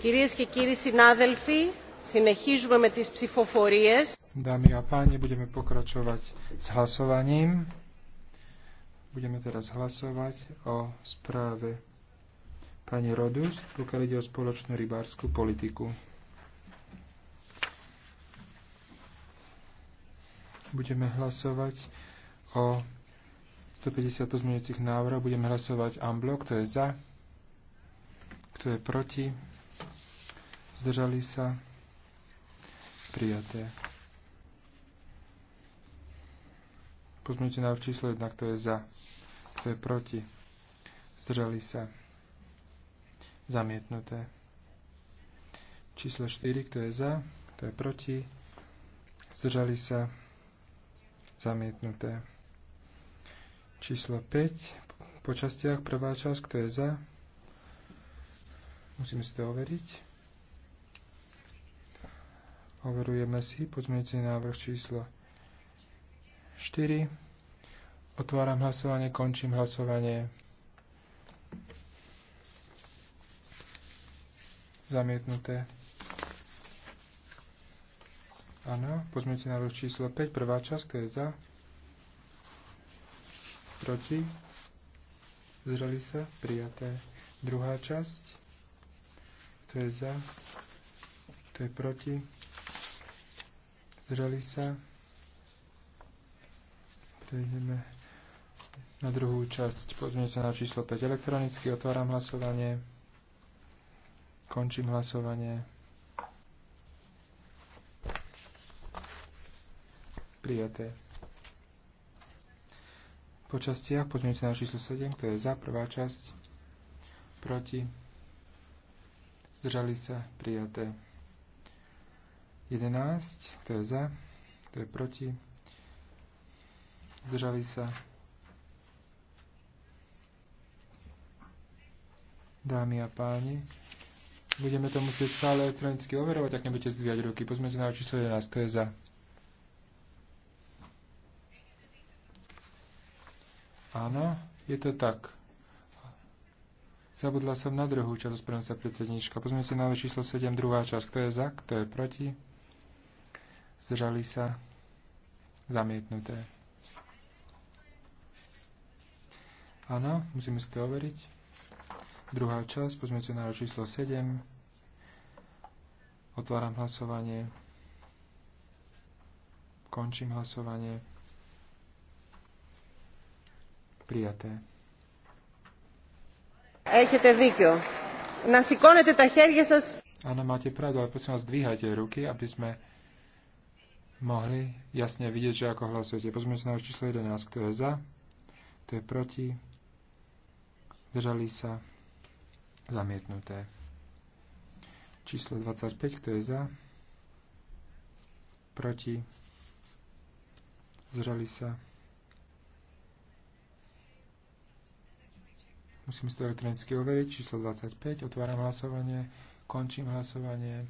Κυρίες και κύριοι συνάδελφοι, συνεχίζουμε με τις ψηφοφορίες. Dámy a páni, budeme pokračovať s hlasovaním. Budeme teraz hlasovať o správe pani Rodus, pokiaľ ide o spoločnú rybárskú politiku. Budeme hlasovať o 150 pozmeňujúcich návrhov. Budeme hlasovať en bloc, kto je za, kto je proti, zdržali sa, prijaté. Pozmite na číslo 1, kto je za, kto je proti, zdržali sa, zamietnuté. Číslo 4, kto je za, kto je proti, zdržali sa, zamietnuté. Číslo 5, po častiach prvá časť, kto je za, musíme si to overiť. Overujeme si pozmeňujúci návrh číslo 4. Otváram hlasovanie, končím hlasovanie. Zamietnuté. Áno, pozmeňujúci návrh číslo 5, prvá časť, kto je za? Proti? Zreli sa? Prijaté. Druhá časť, kto je za? Kto je proti? zdržali sa. Prejdeme na druhú časť. Pozrieme sa na číslo 5 elektronicky. Otváram hlasovanie. Končím hlasovanie. Prijaté. Po častiach poďme sa na číslo 7, to je za prvá časť, proti, zdržali sa, prijaté. 11. Kto je za? Kto je proti? Zdržali sa? Dámy a páni, budeme to musieť stále elektronicky overovať, ak nebudete zdvíjať ruky. Pozme sa na číslo 11. Kto je za? Áno, je to tak. Zabudla som na druhú časť, ospravedlňujem sa predsednička. Pozme sa na číslo 7, druhá časť. Kto je za? Kto je proti? zdržali sa, zamietnuté. Áno, musíme si to overiť. Druhá časť, pozmeňujúce na číslo 7. Otváram hlasovanie. Končím hlasovanie. Prijaté. Έχετε δίκιο. Να σηκώνετε τα χέρια σας. Áno, máte pravdu, ale prosím vás, dvíhajte ruky, aby sme mohli jasne vidieť, že ako hlasujete. Pozrime sa na číslo 11, kto je za, kto je proti, Držali sa, zamietnuté. Číslo 25, kto je za, proti, zdržali sa. Musím si to elektronicky overiť. Číslo 25, otváram hlasovanie, končím hlasovanie.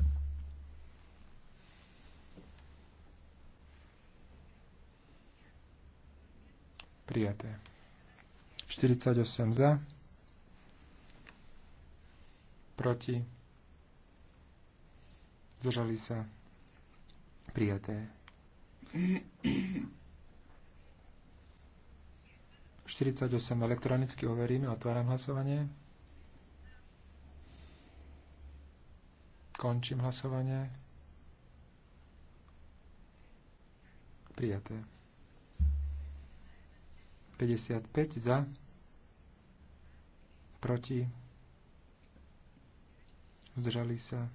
Prijaté. 48 za. Proti. Zdržali sa. Prijaté. 48 elektronicky overíme. Otváram hlasovanie. Končím hlasovanie. Prijaté. 55 za, proti, zdržali sa.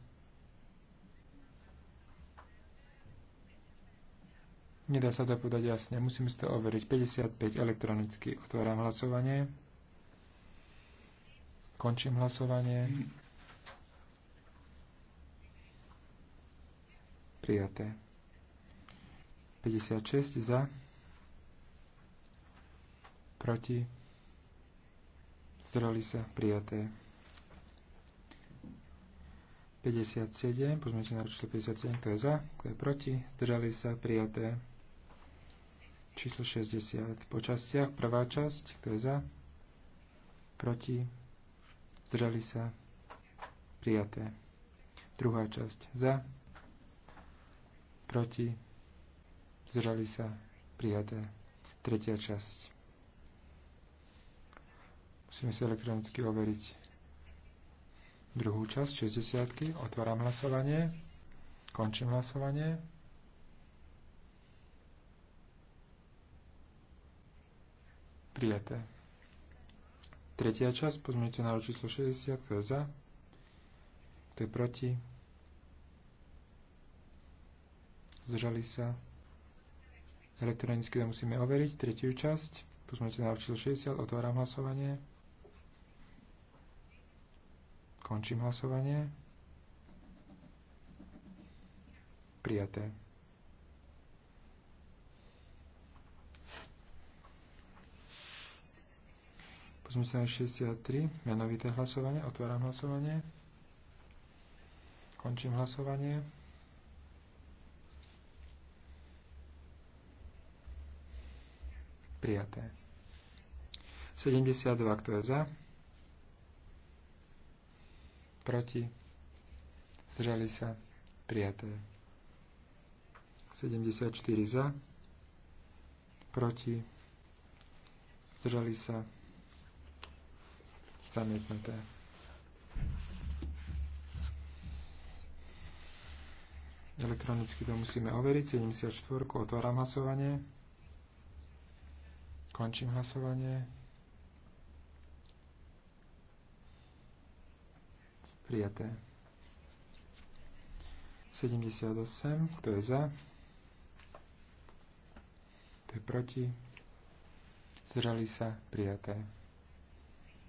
Nedá sa to povedať jasne, musím si to overiť. 55 elektronicky otváram hlasovanie. Končím hlasovanie. Prijaté. 56 za proti, zdrali sa prijaté. 57, pozmeňte na číslo 57, kto je za, kto je proti, zdržali sa prijaté. Číslo 60, po častiach, prvá časť, kto je za, proti, zdržali sa prijaté. Druhá časť, za, proti, zdržali sa prijaté. Tretia časť, Musíme si elektronicky overiť druhú časť 60. Otváram hlasovanie. Končím hlasovanie. Prijaté. Tretia časť, pozmeňujúce na číslo 60, kto je za, kto je proti, zdržali sa. Elektronicky to musíme overiť. Tretiu časť, pozmeňujúce na číslo 60, otváram hlasovanie. Končím hlasovanie. Prijaté. Pozme sa na 63, menovité hlasovanie, otváram hlasovanie. Končím hlasovanie. Prijaté. 72, kto je za? proti, zdržali sa, prijaté. 74 za, proti, zdržali sa, zamietnuté. Elektronicky to musíme overiť. 74. Otváram hlasovanie. Končím hlasovanie. Prijaté. 78, kto je za? Kto je proti? Zdržali sa? Prijaté.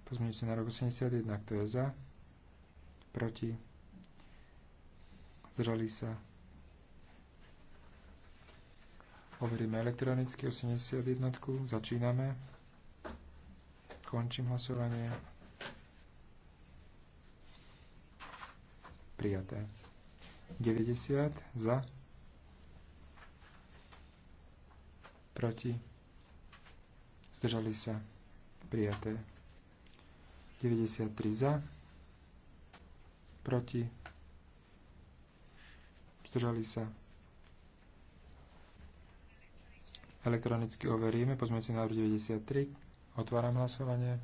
Pozmeňujúci na rok 81, kto je za? Proti? Zdržali sa? Overíme elektronicky 81. Začíname. Končím hlasovanie. prijaté. 90 za, proti, zdržali sa, prijaté. 93 za, proti, zdržali sa. Elektronicky overíme pozmeňujúci návrh 93. Otváram hlasovanie.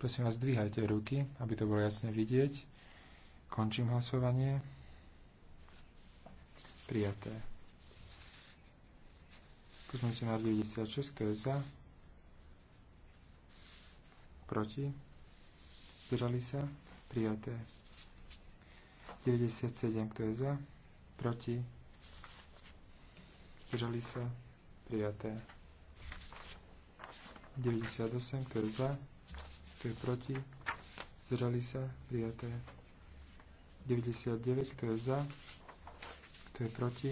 Prosím vás, zdvíhajte ruky, aby to bolo jasne vidieť. Končím hlasovanie. Prijaté. Pozmeňte na 96, kto je za. Proti. Zdržali sa. Prijaté. 97, kto je za. Proti. Zdržali sa. Prijaté. 98, kto je za. Kto je proti. Zdržali sa. Prijaté. 99, kto je za, kto je proti,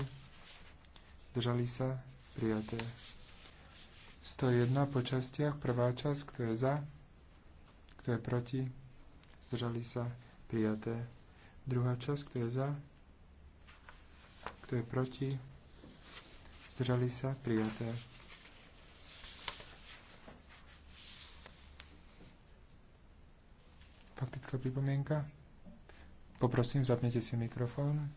zdržali sa, prijaté. 101 po častiach, prvá časť, kto je za, kto je proti, zdržali sa, prijaté. Druhá časť, kto je za, kto je proti, zdržali sa, prijaté. Faktická pripomienka. Poprosím, zapnite si mikrofón.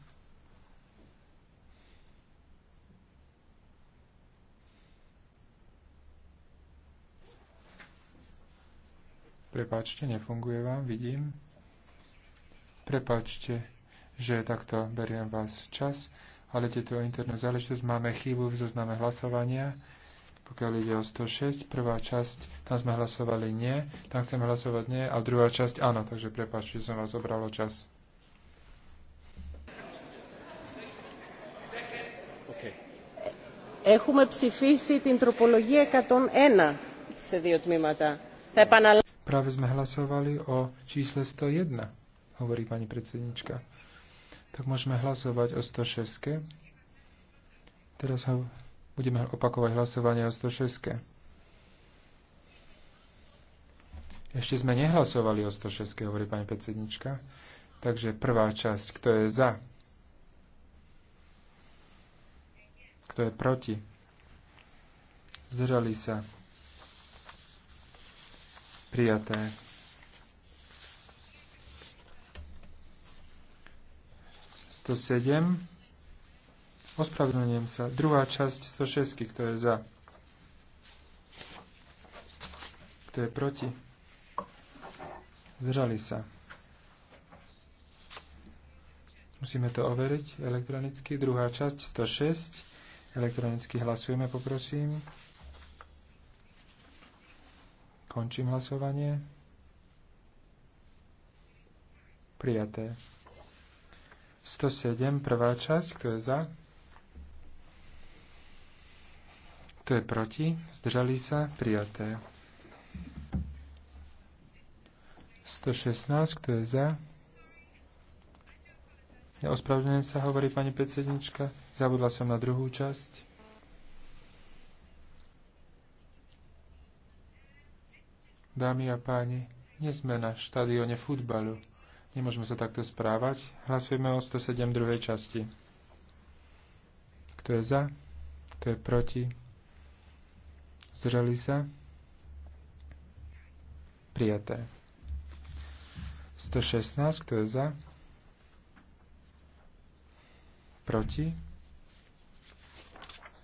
Prepáčte, nefunguje vám, vidím. Prepáčte, že takto beriem vás čas, ale tieto internú záležitosť máme chybu v zozname hlasovania. Pokiaľ ide o 106, prvá časť, tam sme hlasovali nie, tam chceme hlasovať nie, a druhá časť áno, takže prepáčte, že som vás obral čas. Έχουμε ψηφίσει την τροπολογία 101 σε δύο τμήματα. Θα επαναλάβω. Práve με hlasovali ο Τσίσλε 101, hovorí pani predsednička. Tak môžeme hlasovať o 106. Teraz ho budeme opakovať hlasovanie o 106. Ešte sme nehlasovali o 106, hovorí pani predsednička. Takže prvá časť, kto je za Kto je proti? Zdržali sa. Prijaté. Sto sedem. Ospravedlňujem sa. Druhá časť 106, kto je za. Kto je proti? Zdržali sa. Musíme to overiť elektronicky. Druhá časť 106. Elektronicky hlasujeme, poprosím. Končím hlasovanie. Prijaté. 107, prvá časť, kto je za? Kto je proti? Zdržali sa? Prijaté. 116, kto je za? ospravedlňujem sa, hovorí pani predsednička. Zabudla som na druhú časť. Dámy a páni, nie sme na štadióne futbalu. Nemôžeme sa takto správať. Hlasujeme o 107 druhej časti. Kto je za? Kto je proti? Zdržali sa? Prijaté. 116, kto je za? Proti?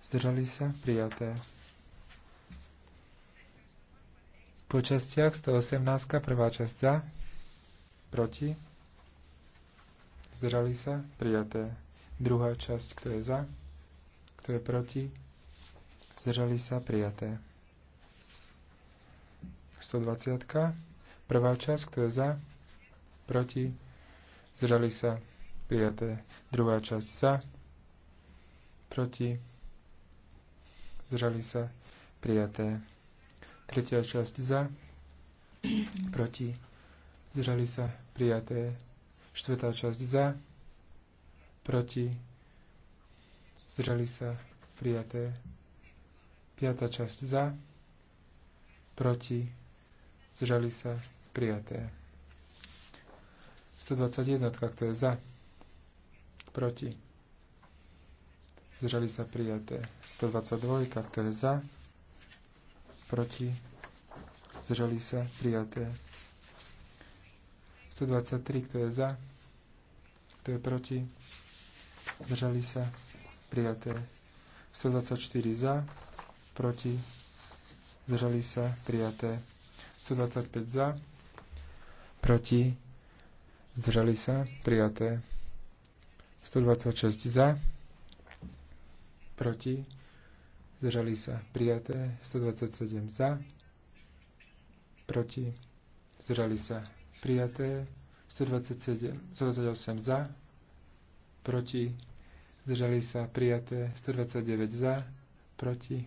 Zdržali sa? Prijaté. Po častiach 118. Prvá časť za. Proti? Zdržali sa? Prijaté. Druhá časť, kto je za? Kto je proti? Zdržali sa? Prijaté. 120. Prvá časť, kto je za? Proti? Zdržali sa? Prijaté. Druhá časť za. Proti. Zdržali sa. Prijaté. Tretia časť za. Proti. Zdržali sa. Prijaté. Štvrtá časť za. Proti. Zdržali sa. Prijaté. Piatá časť za. Proti. Zdržali sa. Prijaté. 121, kto je za proti, zdržali sa prijaté. 122, kto je za, proti, zdržali sa prijaté. 123, kto je za, kto je proti, zdržali sa prijaté. 124 za, proti, zdržali sa prijaté. 125 za, proti, zdržali sa prijaté. 126 za, proti, zdržali sa prijaté, 127 za, proti, zdržali sa prijaté, 127, 128 za, proti, zdržali sa prijaté, 129 za, proti,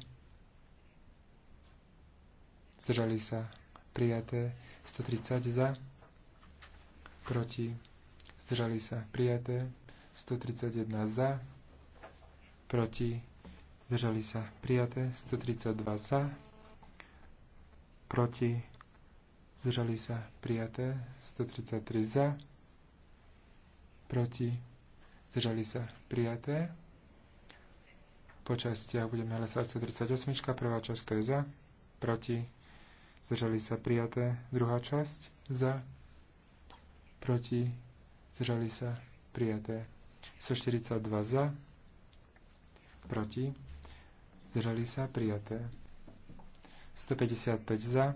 zdržali sa prijaté, 130 za, proti, zdržali sa prijaté, 131 za, proti, zdržali sa prijaté, 132 za, proti, zdržali sa prijaté, 133 za, proti, zdržali sa prijaté. Po častiach budeme hlasovať 138, prvá časť to je za, proti, zdržali sa prijaté, druhá časť za, proti, zdržali sa prijaté. 142 za, proti, zdržali sa, prijaté. 155 za,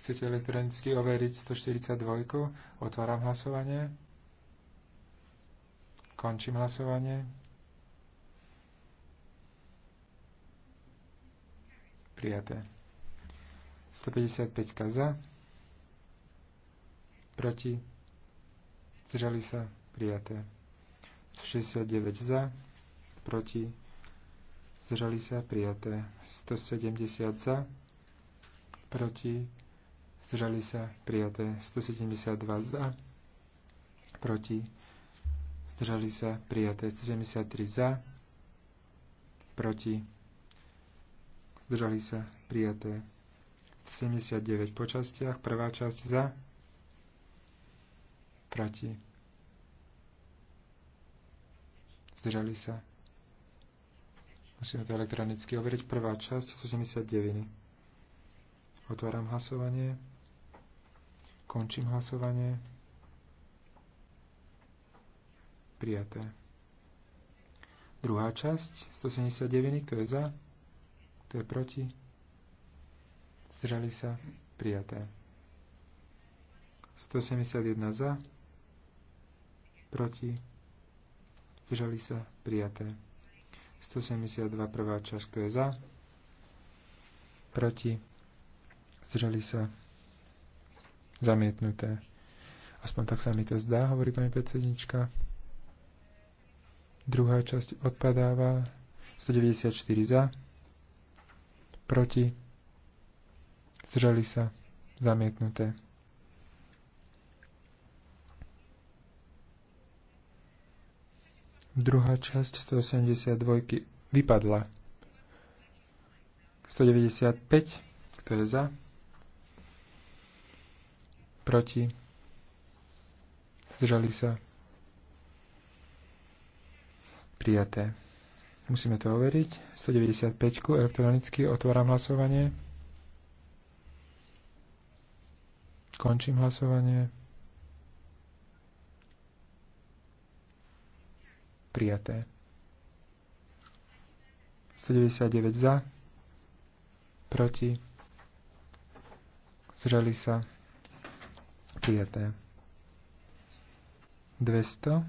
Chcete elektronicky overiť 142? Otváram hlasovanie. Končím hlasovanie. Prijaté. 155 za proti, zdržali sa, prijaté. 69 za, proti, zdržali sa, prijaté. 170 za, proti, zdržali sa, prijaté. 172 za, proti, zdržali sa, prijaté. 173 za, proti, zdržali sa, prijaté. 179 po častiach, prvá časť za, proti, zdržali sa. Musíme to elektronicky overiť. Prvá časť 179. Otváram hlasovanie. Končím hlasovanie. Prijaté. Druhá časť 179. Kto je za? Kto je proti? Zdržali sa? Prijaté. 171 za, proti, zdržali sa, prijaté. 172 prvá časť, kto je za, proti, zdržali sa, zamietnuté. Aspoň tak sa mi to zdá, hovorí pani predsednička. Druhá časť odpadáva. 194 za. Proti. Zdržali sa. Zamietnuté. Druhá časť 182 vypadla. 195, kto je za? Proti? Zdržali sa? Prijaté. Musíme to overiť. 195 elektronicky otváram hlasovanie. Končím hlasovanie. prijaté. 199 za, proti, zdržali sa, prijaté. 200,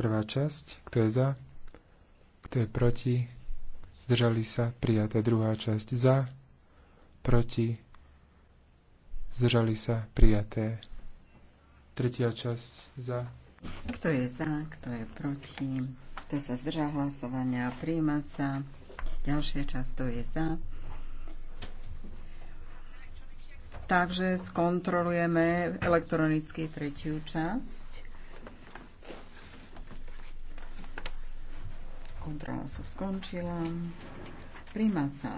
prvá časť, kto je za, kto je proti, zdržali sa, prijaté. Druhá časť za, proti, zdržali sa, prijaté. Tretia časť za, kto je za, kto je proti, kto sa zdržá hlasovania, príjma sa. Ďalšia časť, kto je za. Takže skontrolujeme elektronicky tretiu časť. Kontrola sa skončila. Príjma sa.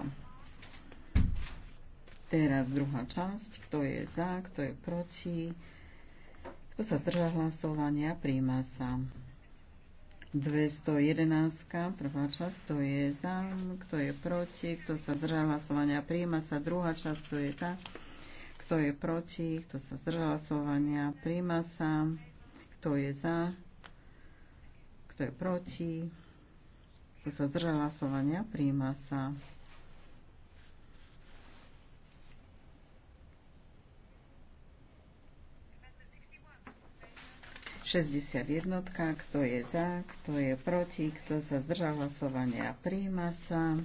Teraz druhá časť, kto je za, kto je proti, kto sa zdržal hlasovania, príjma sa. 211, prvá časť, to je za, kto je proti, kto sa zdržal hlasovania, príjma sa. Druhá časť, to je za, kto je proti, kto sa zdržal hlasovania, príjma sa. Kto je za, kto je proti, kto sa zdržal hlasovania, príjma sa. 61, kto je za, kto je proti, kto sa zdržal hlasovania, príjma sa.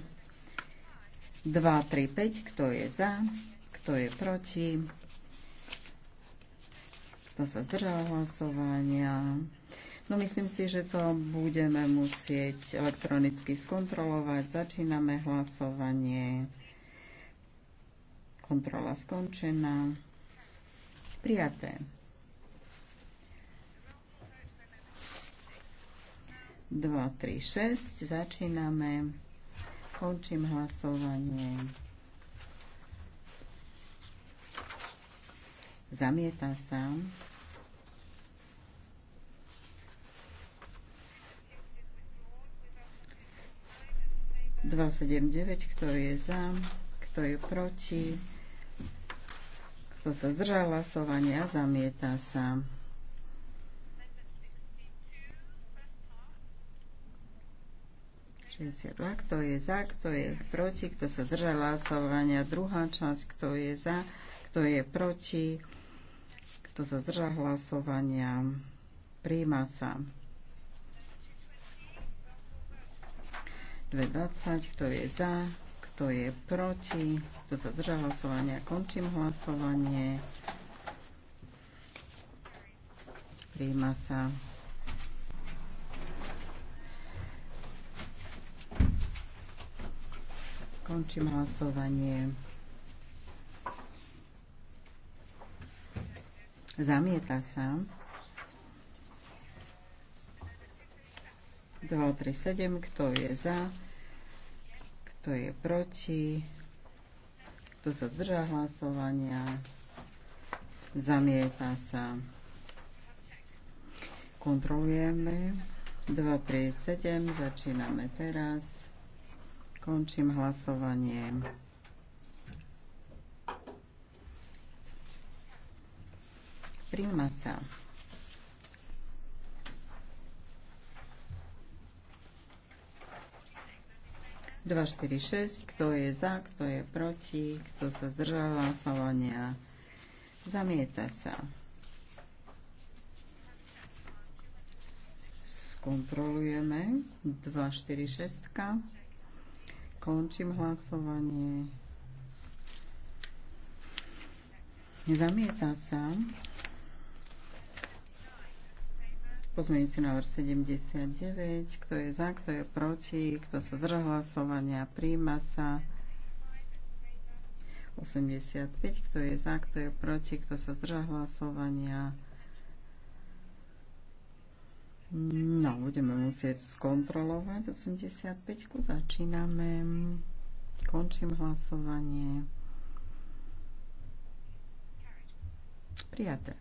2, 3, 5, kto je za, kto je proti, kto sa zdržal hlasovania. No myslím si, že to budeme musieť elektronicky skontrolovať. Začíname hlasovanie. Kontrola skončená. Prijaté. 2, 3, 6. Začíname. Končím hlasovanie. Zamieta sa. Dva kto je za, kto je proti, kto sa zdržal hlasovania, zamieta sa. 62. Kto je za, kto je proti, kto sa zdržal hlasovania. Druhá časť, kto je za, kto je proti, kto sa zdržal hlasovania. Príjma sa. 20. Kto je za, kto je proti, kto sa zdržal hlasovania. Končím hlasovanie. Príjma sa. Končím hlasovanie. Zamieta sa. 237, kto je za, kto je proti, kto sa zdržal hlasovania, zamieta sa. Kontrolujeme. 7. začíname teraz. Končím hlasovanie. Príjma sa. Dva, štyri, šesť. Kto je za, kto je proti, kto sa zdržal hlasovania. Zamieta sa. Skontrolujeme. Dva, štyri, šestka. Končím hlasovanie. Zamieta sa. Pozmeňujúci návrh 79. Kto je za, kto je proti, kto sa zdržal hlasovania, príjma sa. 85. Kto je za, kto je proti, kto sa zdržal hlasovania, príjma sa. No, budeme musieť skontrolovať 85. Začíname. Končím hlasovanie. Prijaté.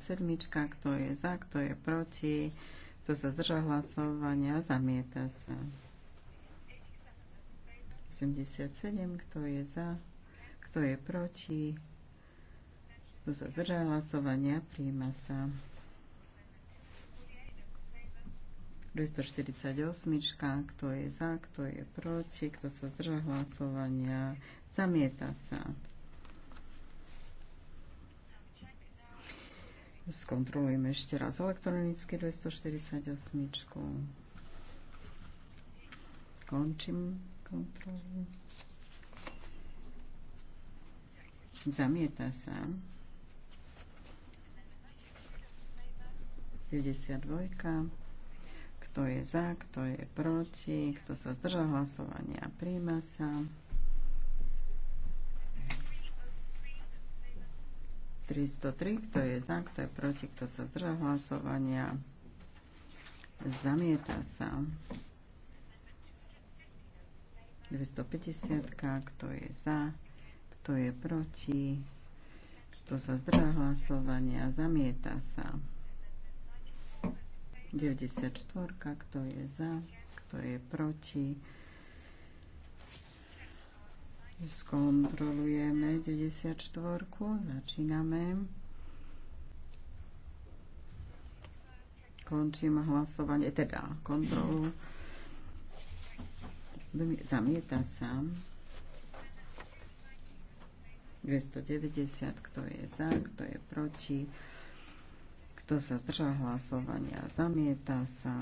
sedmička, kto je za, kto je proti, kto sa zdrža hlasovania, zamieta sa. 87, kto je za, kto je proti? Kto sa zdržal hlasovania? Príjma sa. 248. Kto je za? Kto je proti? Kto sa zdržal hlasovania? Zamieta sa. Skontrolujeme ešte raz elektronicky 248. Končím kontrolu. Zamieta sa. 92. Kto je za, kto je proti, kto sa zdržal hlasovania, príjma sa. 303. Kto je za, kto je proti, kto sa zdržal hlasovania, zamieta sa. 250. Kto je za, kto je proti, kto sa zdrá hlasovania, zamieta sa. 94, kto je za, kto je proti. Skontrolujeme 94, začíname. Končím hlasovanie, teda kontrolu. Zamieta sa. 290, kto je za, kto je proti, kto sa zdržal hlasovania, zamieta sa.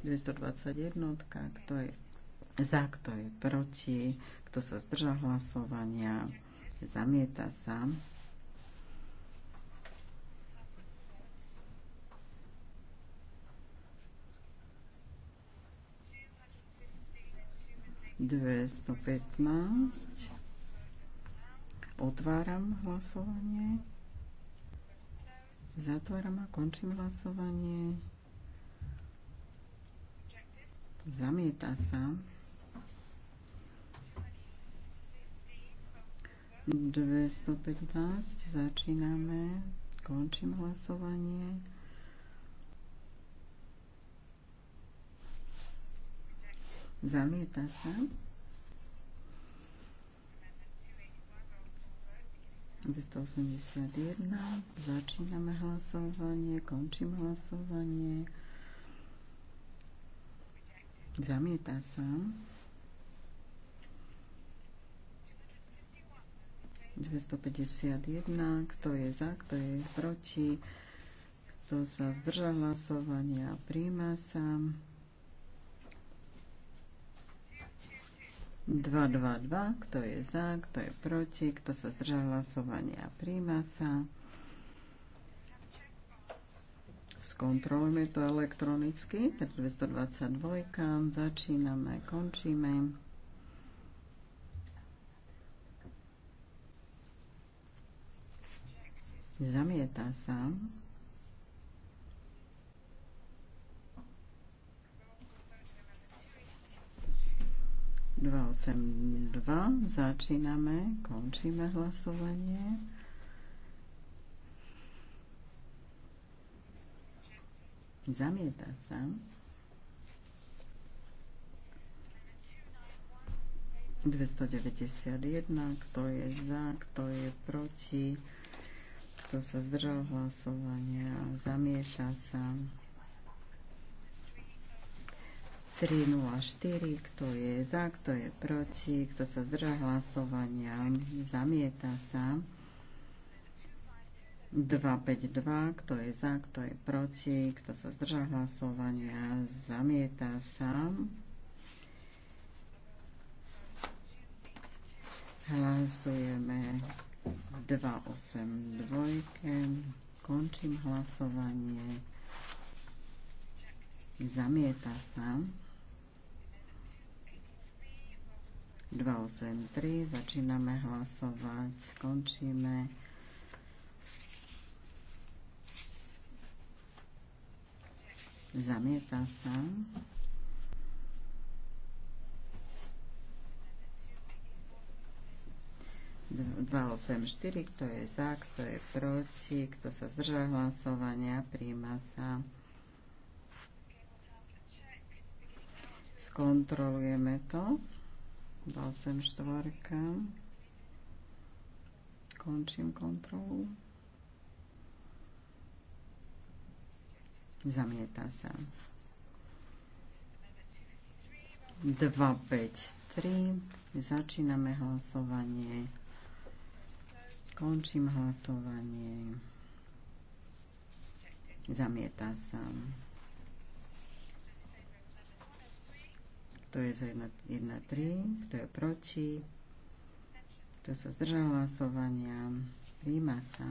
221, kto je za, kto je proti, kto sa zdržal hlasovania, zamieta sa. 215. Otváram hlasovanie. Zatváram a končím hlasovanie. Zamieta sa. 215. Začíname. Končím hlasovanie. Zamieta sa. 181. Začíname hlasovanie, končím hlasovanie. Zamieta sa. 251. Kto je za, kto je proti, kto sa zdržal hlasovania, príjma sa. 2, 2, 2, kto je za, kto je proti, kto sa zdržal hlasovania, príjma sa. Skontrolujeme to elektronicky, tak teda 222, začíname, končíme. Zamieta sa. 282. Začíname, končíme hlasovanie. Zamieta sa. 291, kto je za, kto je proti, kto sa zdržal hlasovania, zamieta sa. 304, kto je za, kto je proti, kto sa zdrža hlasovania, zamieta sa. 252, kto je za, kto je proti, kto sa zdrža hlasovania, zamieta sa. Hlasujeme 282, končím hlasovanie, zamieta sa. 283. Začíname hlasovať, skončíme. Zamieta sa. 284, kto je za, kto je proti, kto sa zdržal hlasovania, príjma sa. Skontrolujeme to dal sem štvorka končím kontrolu zamieta sa 2, 5, 3 začíname hlasovanie končím hlasovanie zamieta sa Kto je za 1-3, Kto je proti? Kto sa zdržal hlasovania? Príjma sa.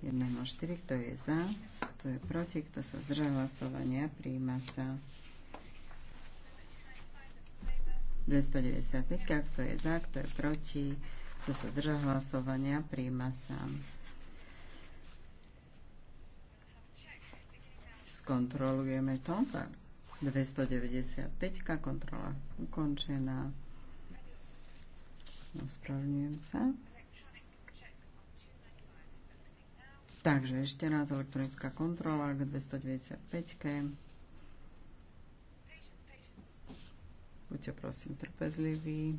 Jedného 4, kto je za, kto je proti, kto sa zdržal hlasovania, príjma sa. 295, kto je za, kto je proti, kto sa zdržal hlasovania, príjma sa. Skontrolujeme to. 295 kontrola ukončená. Ospravňujem sa. Takže ešte raz elektronická kontrola k 295. Buďte prosím trpezliví.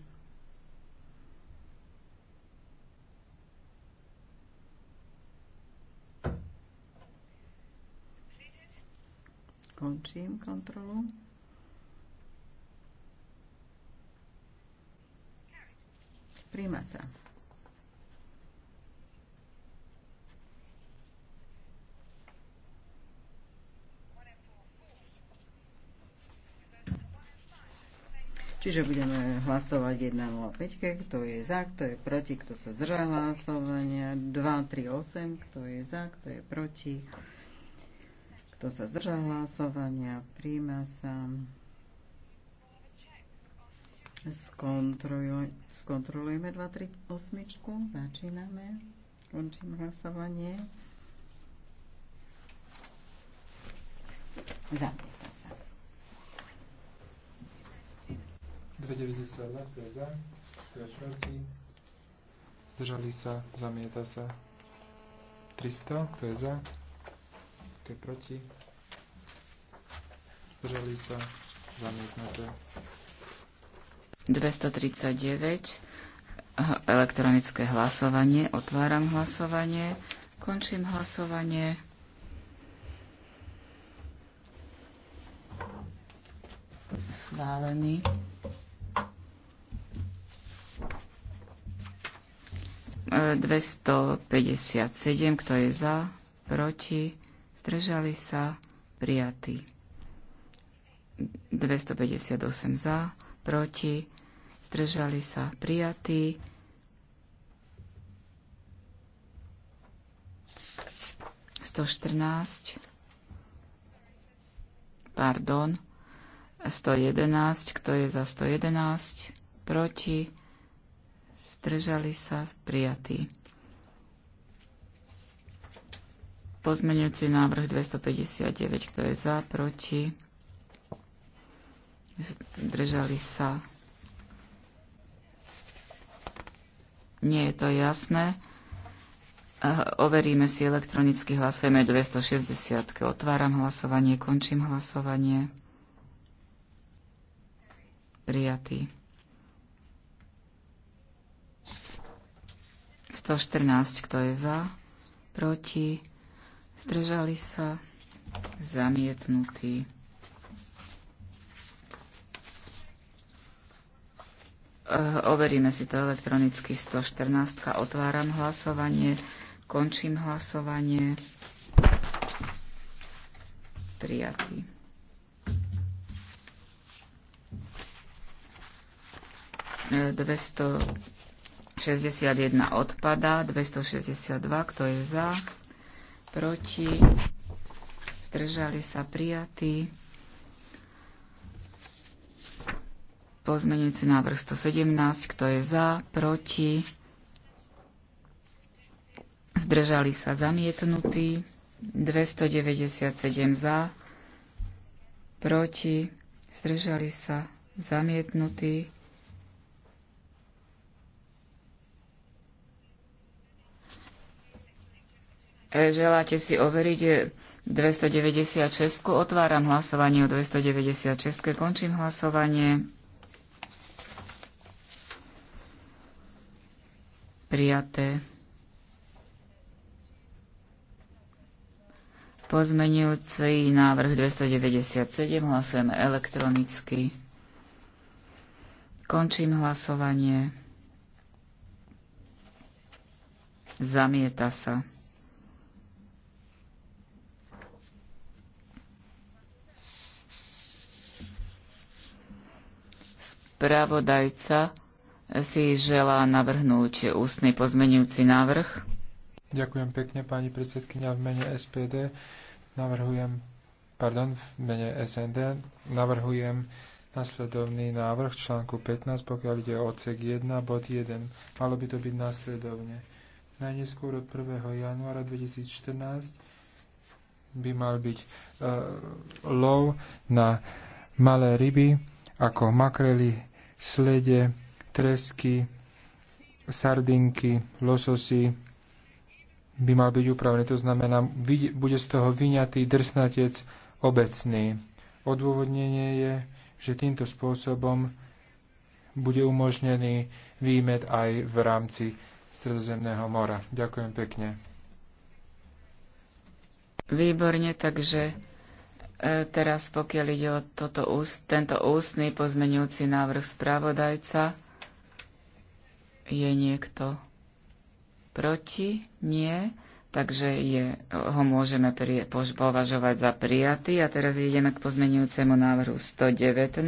Končím kontrolu. Príjma sa. Čiže budeme hlasovať 1.05, kto je za, kto je proti, kto sa zdržal hlasovania, 2.38, kto je za, kto je proti. Kto sa zdržal hlasovania? Príjma sa. Skontroluj, skontrolujeme 238. Začíname. Končím hlasovanie. Zamieta sa. 292, kto je za, kto je zdržali sa, zamieta sa. 300, kto je za, kto je proti, zdržali sa, Zamietnete? 239, elektronické hlasovanie, otváram hlasovanie, končím hlasovanie. Schválený. 257, e, kto je za, proti, zdržali sa, prijatí. 258 za, proti, zdržali sa, prijatí pardon, 111, kto je za 111, proti, zdržali sa, prijatí. Pozmenujúci návrh 259, kto je za, proti. Držali sa. Nie je to jasné. Overíme si elektronicky, hlasujeme 260. Otváram hlasovanie, končím hlasovanie. Prijatý. 114, kto je za, proti Zdržali sa zamietnutí. Eh, overíme si to elektronicky 114. Otváram hlasovanie. Končím hlasovanie. Prijatý. E, 261 odpada, 262, kto je za? proti, zdržali sa prijatí. Pozmenujúci návrh 117, kto je za, proti, zdržali sa zamietnutí, 297 za, proti, zdržali sa zamietnutí, Želáte si overiť 296. Otváram hlasovanie o 296. Končím hlasovanie. Prijaté. Pozmenujúci návrh 297 hlasujeme elektronicky. Končím hlasovanie. Zamieta sa. Spravodajca si želá navrhnúť ústny pozmenujúci návrh. Ďakujem pekne, pani predsedkynia, v mene SPD navrhujem, pardon, v mene SND navrhujem nasledovný návrh článku 15, pokiaľ ide o odsek 1, bod 1. Malo by to byť následovne. Najneskôr od 1. januára 2014 by mal byť uh, lov na malé ryby ako makrely, slede, tresky, sardinky, lososy by mal byť upravený. To znamená, bude z toho vyňatý drsnatec obecný. Odôvodnenie je, že týmto spôsobom bude umožnený výmet aj v rámci Stredozemného mora. Ďakujem pekne. Výborne, takže E, teraz pokiaľ ide o toto, tento ústny pozmenujúci návrh správodajca, je niekto proti? Nie. Takže je, ho môžeme prie, považovať za prijatý. A teraz ideme k pozmenujúcemu návrhu 119.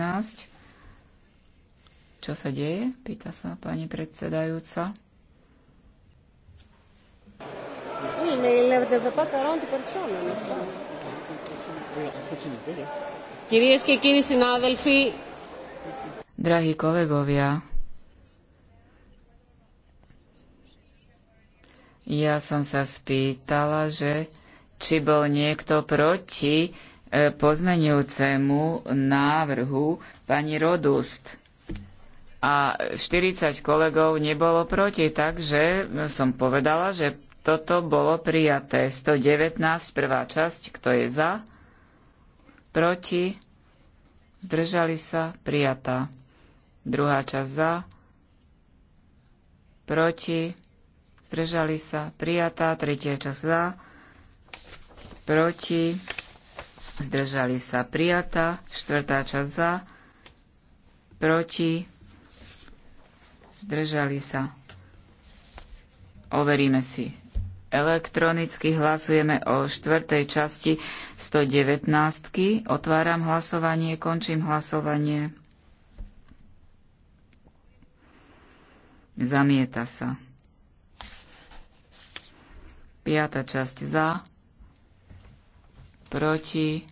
Čo sa deje? Pýta sa pani predsedajúca. nie, nie, nie, nie Drahí kolegovia, ja som sa spýtala, že či bol niekto proti e, pozmenujúcemu návrhu pani Rodust a 40 kolegov nebolo proti, takže som povedala, že toto bolo prijaté. 119, prvá časť, kto je za, proti, zdržali sa, prijatá. Druhá časť za, proti, zdržali sa, prijatá. Tretia časť za, proti, zdržali sa, prijatá. Štvrtá časť za, proti, zdržali sa. Overíme si Elektronicky hlasujeme o štvrtej časti 119. -ky. Otváram hlasovanie, končím hlasovanie. Zamieta sa. Piata časť za, proti,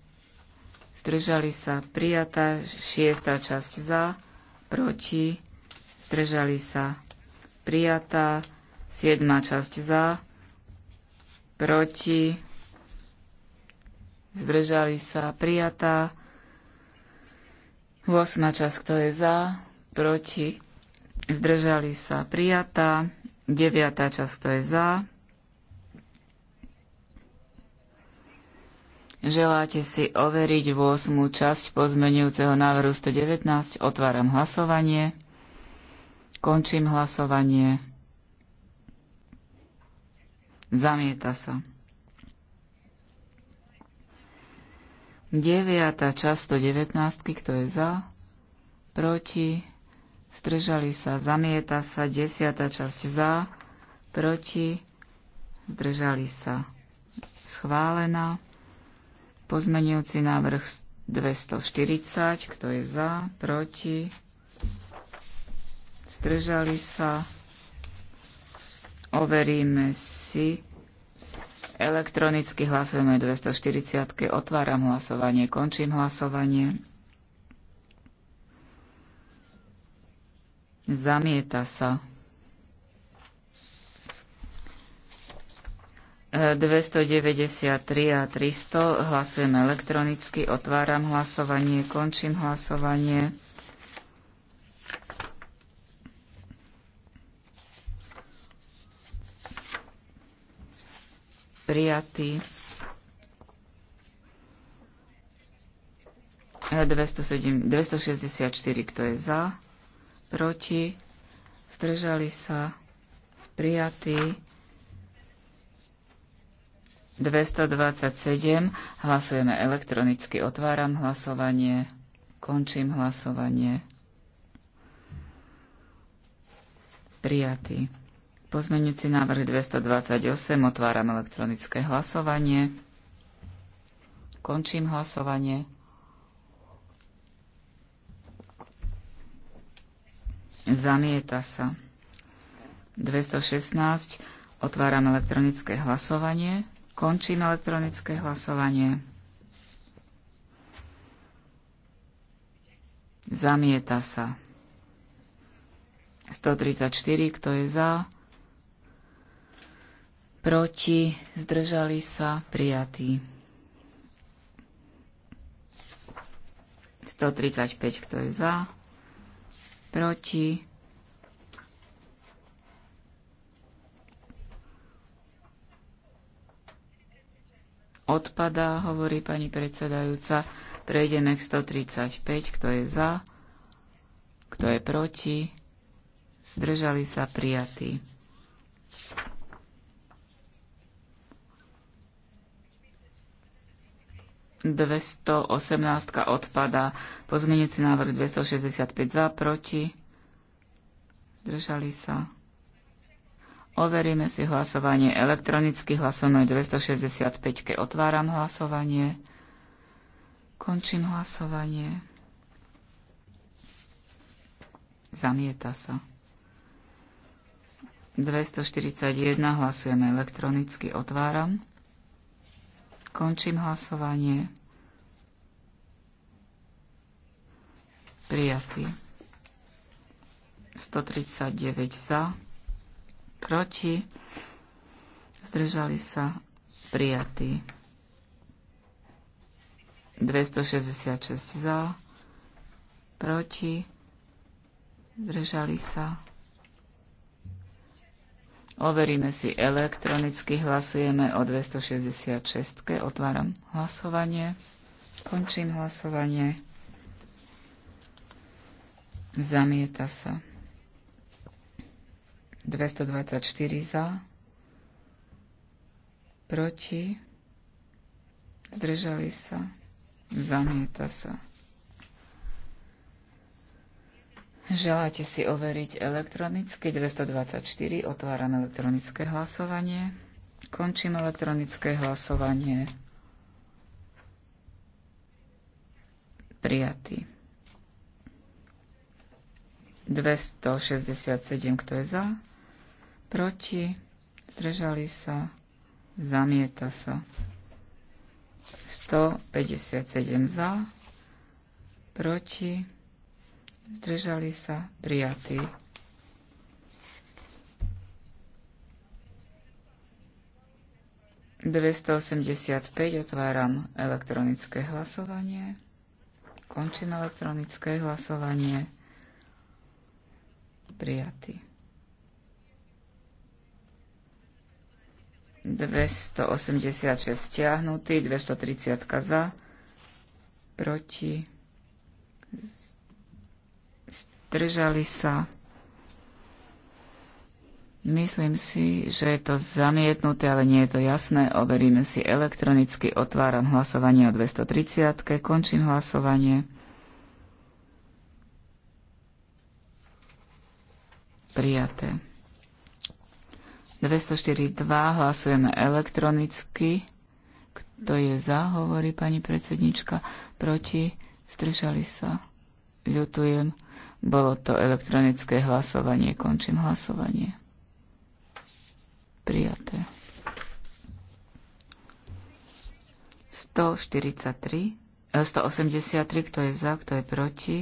zdržali sa. Prijatá šiesta časť za, proti, zdržali sa. Prijatá siedma časť za, proti, zdržali sa prijatá. 8. časť, kto je za, proti, zdržali sa prijatá. 9. časť, kto je za. Želáte si overiť 8. časť pozmenujúceho návrhu 119? Otváram hlasovanie. Končím hlasovanie. Zamieta sa. Deviata časť 119, kto je za, proti, zdržali sa, zamieta sa. Desiata časť za, proti, zdržali sa. Schválená. Pozmenujúci návrh 240, kto je za, proti, zdržali sa Overíme si. Elektronicky hlasujeme 240. Otváram hlasovanie, končím hlasovanie. Zamieta sa. 293 e, a 300. Hlasujeme elektronicky. Otváram hlasovanie, končím hlasovanie. prijatý. 264, kto je za, proti, zdržali sa, prijatý. 227, hlasujeme elektronicky, otváram hlasovanie, končím hlasovanie, prijatý. Pozmeňujúci návrh 228. Otváram elektronické hlasovanie. Končím hlasovanie. Zamieta sa. 216. Otváram elektronické hlasovanie. Končím elektronické hlasovanie. Zamieta sa. 134. Kto je za? proti, zdržali sa, prijatí. 135, kto je za, proti, odpadá, hovorí pani predsedajúca. Prejdeme k 135, kto je za, kto je proti, zdržali sa prijatí. 218 odpada. Pozmeňujúci návrh 265 za, proti. Zdržali sa. Overíme si hlasovanie elektronicky. Hlasujeme 265. keď Otváram hlasovanie. Končím hlasovanie. Zamieta sa. 241 hlasujeme elektronicky. Otváram. Končím hlasovanie. Prijatý. 139 za, proti, zdržali sa, prijatý. 266 za, proti, zdržali sa, Overíme si elektronicky, hlasujeme o 266. Otváram hlasovanie. Končím hlasovanie. Zamieta sa. 224 za. Proti. Zdržali sa. Zamieta sa. Želáte si overiť elektronicky 224, otváram elektronické hlasovanie, končím elektronické hlasovanie. Prijatý. 267, kto je za? Proti? Zdržali sa? Zamieta sa. 157 za, proti, Zdržali sa prijatí. Dvesto osemdesiat päť otváram elektronické hlasovanie. Končím elektronické hlasovanie. Prijatý. 286 stiahnutý, 230 za, proti, Držali sa. Myslím si, že je to zamietnuté, ale nie je to jasné. Overíme si elektronicky. Otváram hlasovanie o 230. Končím hlasovanie. Prijaté. 204.2. Hlasujeme elektronicky. Kto je za, hovorí pani predsednička. Proti. stržali sa. Ľutujem. Bolo to elektronické hlasovanie. Končím hlasovanie. Prijaté. 143, 183, eh, kto je za, kto je proti.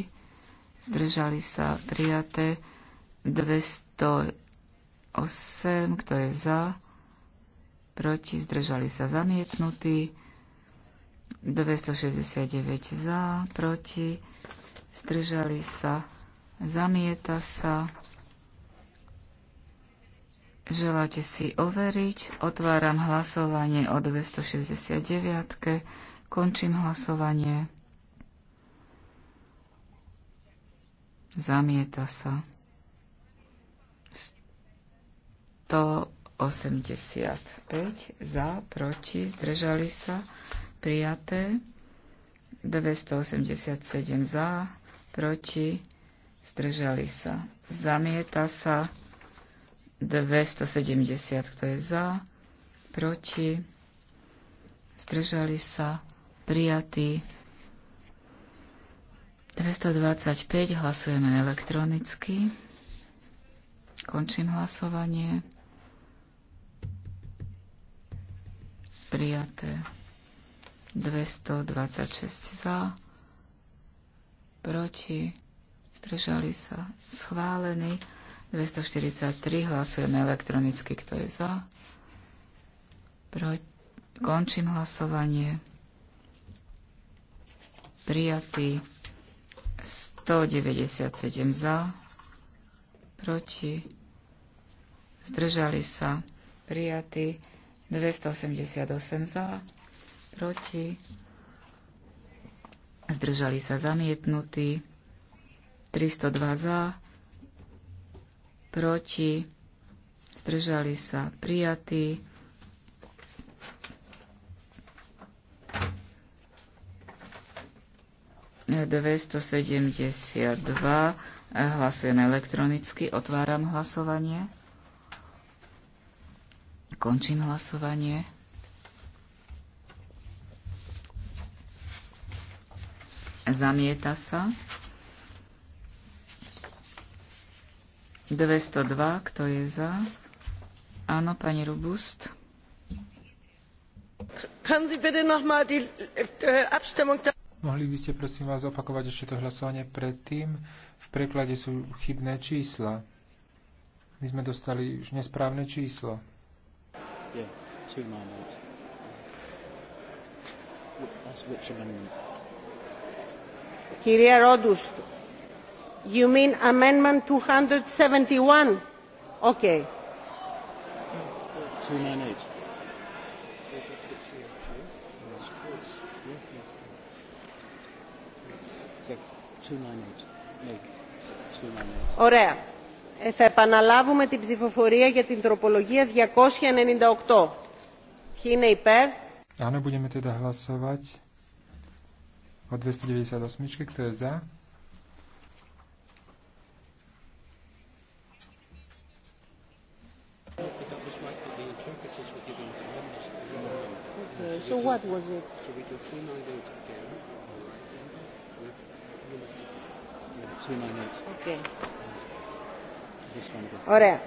Zdržali sa prijaté. 208, kto je za, proti, zdržali sa zamietnutí. 269 za, proti, zdržali sa zamieta sa. Želáte si overiť? Otváram hlasovanie o 269. -ke. Končím hlasovanie. Zamieta sa. 185 za, proti, zdržali sa, prijaté. 287 za, proti, zdržali sa. Zamieta sa 270, kto je za, proti, zdržali sa, prijatý. 225, hlasujeme elektronicky. Končím hlasovanie. Prijaté. 226 za, proti zdržali sa, schválený. 243, hlasujeme elektronicky, kto je za. Proti, končím hlasovanie. Prijatý 197 za, proti, zdržali sa, prijatý 288 za, proti, zdržali sa zamietnutí. 302 za, proti, zdržali sa prijatí. Na 272 Hlasujem elektronicky. Otváram hlasovanie. Končím hlasovanie. Zamieta sa. 202, kto je za? Áno, pani Rubust. Äh, Mohli by ste prosím vás opakovať ešte to hlasovanie predtým? V preklade sú chybné čísla. My sme dostali už nesprávne číslo. Yeah, two Kyria Rodust. You mean amendment 271? Okay. 298. Ωραία. Ε, θα επαναλάβουμε την ψηφοφορία για την τροπολογία 298. Ποιοι είναι υπέρ? Áno, budeme teda hlasovať o 298, kto je za. So what was it? So we did 298 again, all right then, with Minister. Yeah, 298. Okay. Ωραία.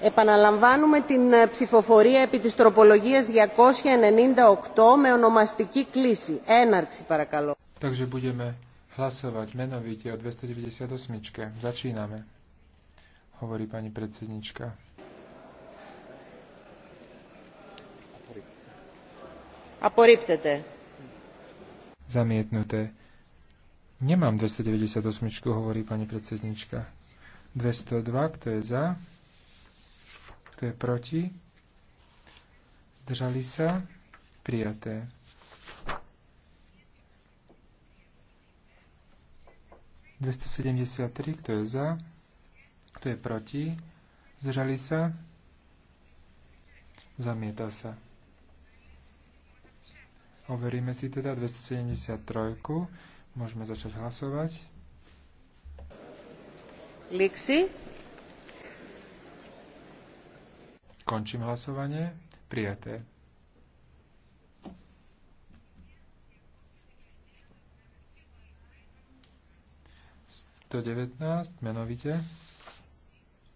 Επαναλαμβάνουμε την ψηφοφορία επί της τροπολογίας 298 με ονομαστική κλίση. Έναρξη παρακαλώ. Takže budeme hlasovať menovite o 298. Začíname, hovorí pani predsednička. Απορρίπτεται. Zamietnuté. Nemám 298, hovorí pani predsednička. 202, kto je za? Kto je proti? Zdržali sa? Prijaté. Dvesto sedemdesiat tri, kto je za? Kto je proti? Zdržali sa? Zamieta sa. Overíme si teda 273. Môžeme začať hlasovať. Lixi. Končím hlasovanie. Prijaté. To 19, menovite.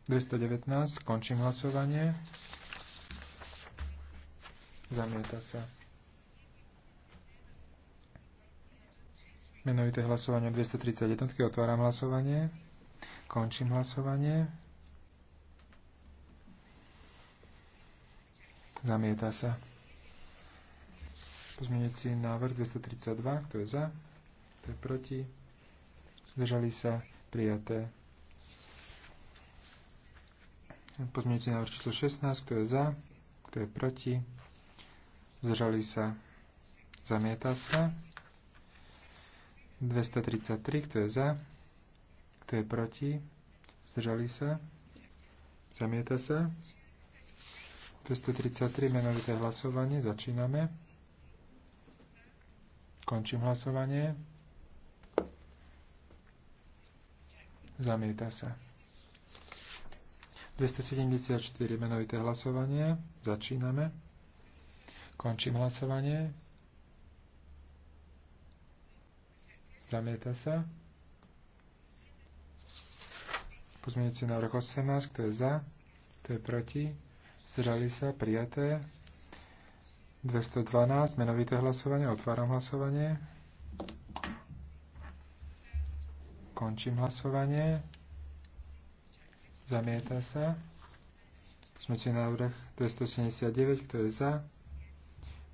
219, končím hlasovanie. Zamieta sa. Menovité hlasovanie 231. Otváram hlasovanie. Končím hlasovanie. Zamieta sa. si návrh 232. Kto je za? Kto je proti? Zdržali sa. Prijaté. Pozmeňujúci návrh číslo 16. Kto je za? Kto je proti? Zdržali sa. Zamieta sa. 233, kto je za, kto je proti, zdržali sa, zamieta sa. 233, menovité hlasovanie, začíname. Končím hlasovanie. Zamieta sa. 274, menovité hlasovanie, začíname. Končím hlasovanie. Zamieta sa. Pozmeňujúci návrh 18, kto je za, kto je proti, zdržali sa, prijaté. 212, menovité hlasovanie, otváram hlasovanie. Končím hlasovanie. Zamieta sa. Pozmeňujúci návrh 279, kto je za,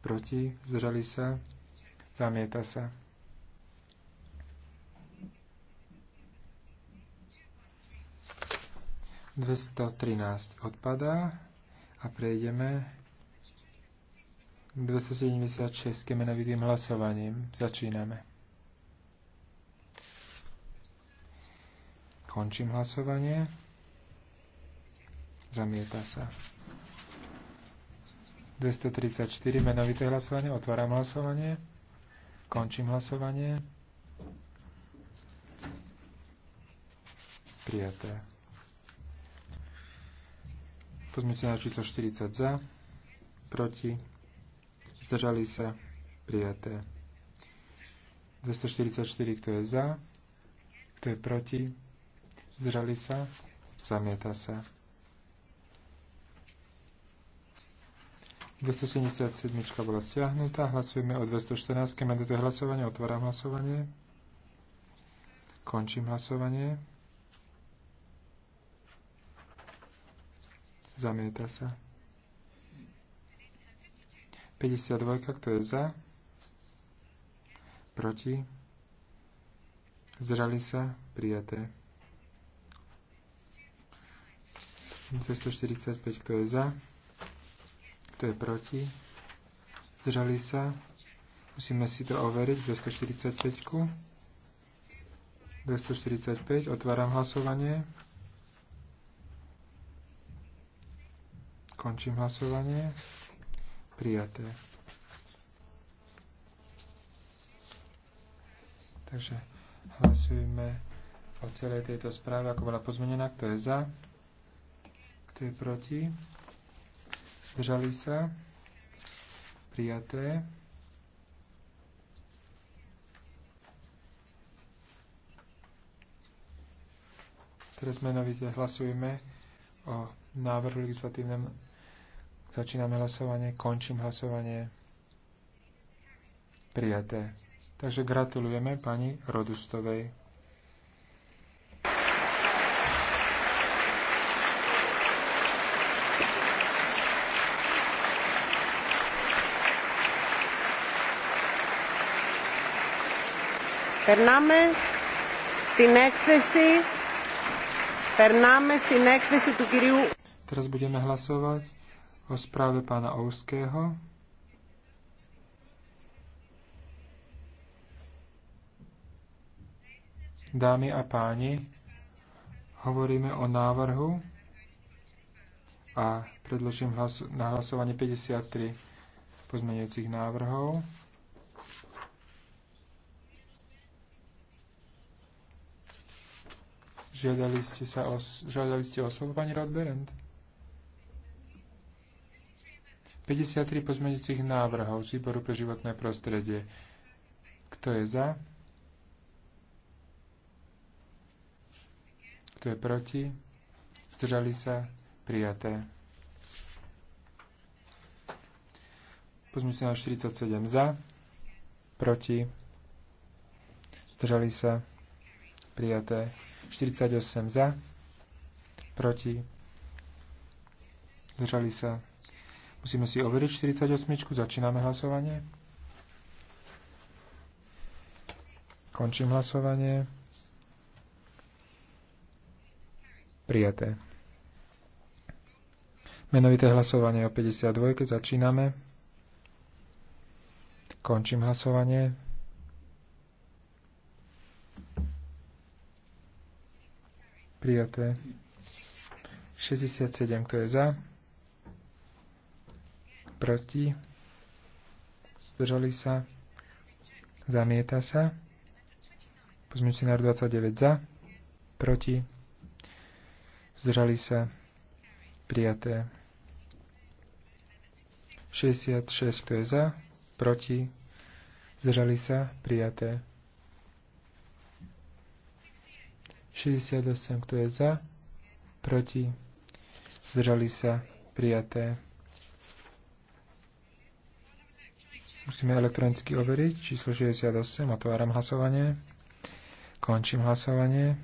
proti, zdržali sa, zamieta sa. 213 odpadá a prejdeme 276 menovitým hlasovaním. Začíname. Končím hlasovanie. Zamieta sa. 234 menovité hlasovanie. Otváram hlasovanie. Končím hlasovanie. Prijaté. Pozmite na číslo 40 za, proti, zdržali sa, prijaté. 244, kto je za, kto je proti, zdržali sa, zamieta sa. 277 bola stiahnutá. Hlasujeme o 214. Mandate hlasovanie. Otváram hlasovanie. Končím hlasovanie. Zamieta sa. 52, kto je za? Proti? Zdržali sa? Prijaté. 245, kto je za? Kto je proti? Zdržali sa? Musíme si to overiť. 245. 245. Otváram hlasovanie. Končím hlasovanie. Prijaté. Takže hlasujeme o celej tejto správe, ako bola pozmenená, kto je za, kto je proti, zdržali sa, prijaté. Teraz menovite hlasujeme o návrhu legislatívnom Začíname hlasovanie, končím hlasovanie. Prijaté. Takže gratulujeme pani Rodustovej. Περνάμε στην έκθεση Περνάμε στην έκθεση του κυρίου Teraz budeme hlasovať o správe pána Ouského. Dámy a páni, hovoríme o návrhu a predložím hlasu- na hlasovanie 53 pozmeňujúcich návrhov. Žiadali ste, sa o, žiadali ste o slovo, pani Rodberend? 53 pozmeňujúcich návrhov z výboru pre životné prostredie. Kto je za? Kto je proti? Zdržali sa? Prijaté. Pozmeňujúci návrh 47 za, proti, zdržali sa, prijaté. 48 za, proti, zdržali sa, Musíme si overiť 48. Začíname hlasovanie. Končím hlasovanie. Prijaté. Menovité hlasovanie o 52. Začíname. Končím hlasovanie. Prijaté. 67. Kto je za? proti, zdržali sa, zamieta sa. Pozmeňujúci návrh 29 za, proti, zdržali sa, prijaté. 66, kto je za, proti, zdržali sa, prijaté. 68, kto je za, proti, zdržali sa, prijaté. Musíme elektronicky overiť číslo 68. Otváram hlasovanie. Končím hlasovanie.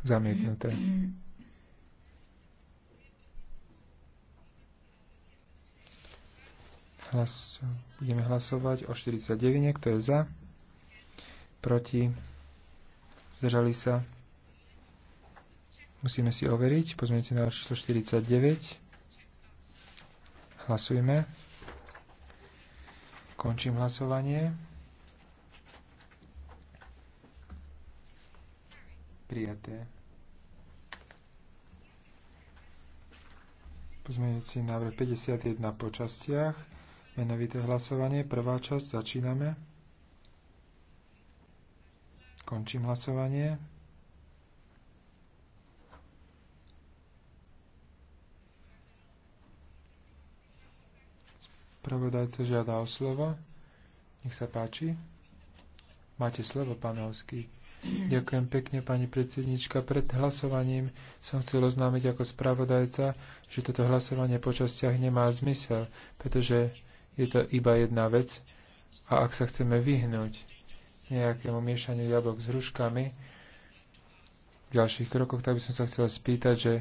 Zamietnuté. Hlas, budeme hlasovať o 49, kto je za, proti, zdržali sa, Musíme si overiť. Pozmienite návrh číslo 49. Hlasujeme. Končím hlasovanie. Prijaté. Pozmienujúci návrh 51 po častiach. Menovité hlasovanie. Prvá časť. Začíname. Končím hlasovanie. Spravodajca žiada o slovo. Nech sa páči. Máte slovo, pán Hovský. Ďakujem pekne, pani predsednička. Pred hlasovaním som chcel oznámiť ako spravodajca, že toto hlasovanie po častiach nemá zmysel, pretože je to iba jedna vec a ak sa chceme vyhnúť nejakému miešaniu jablok s hruškami v ďalších krokoch, tak by som sa chcel spýtať, že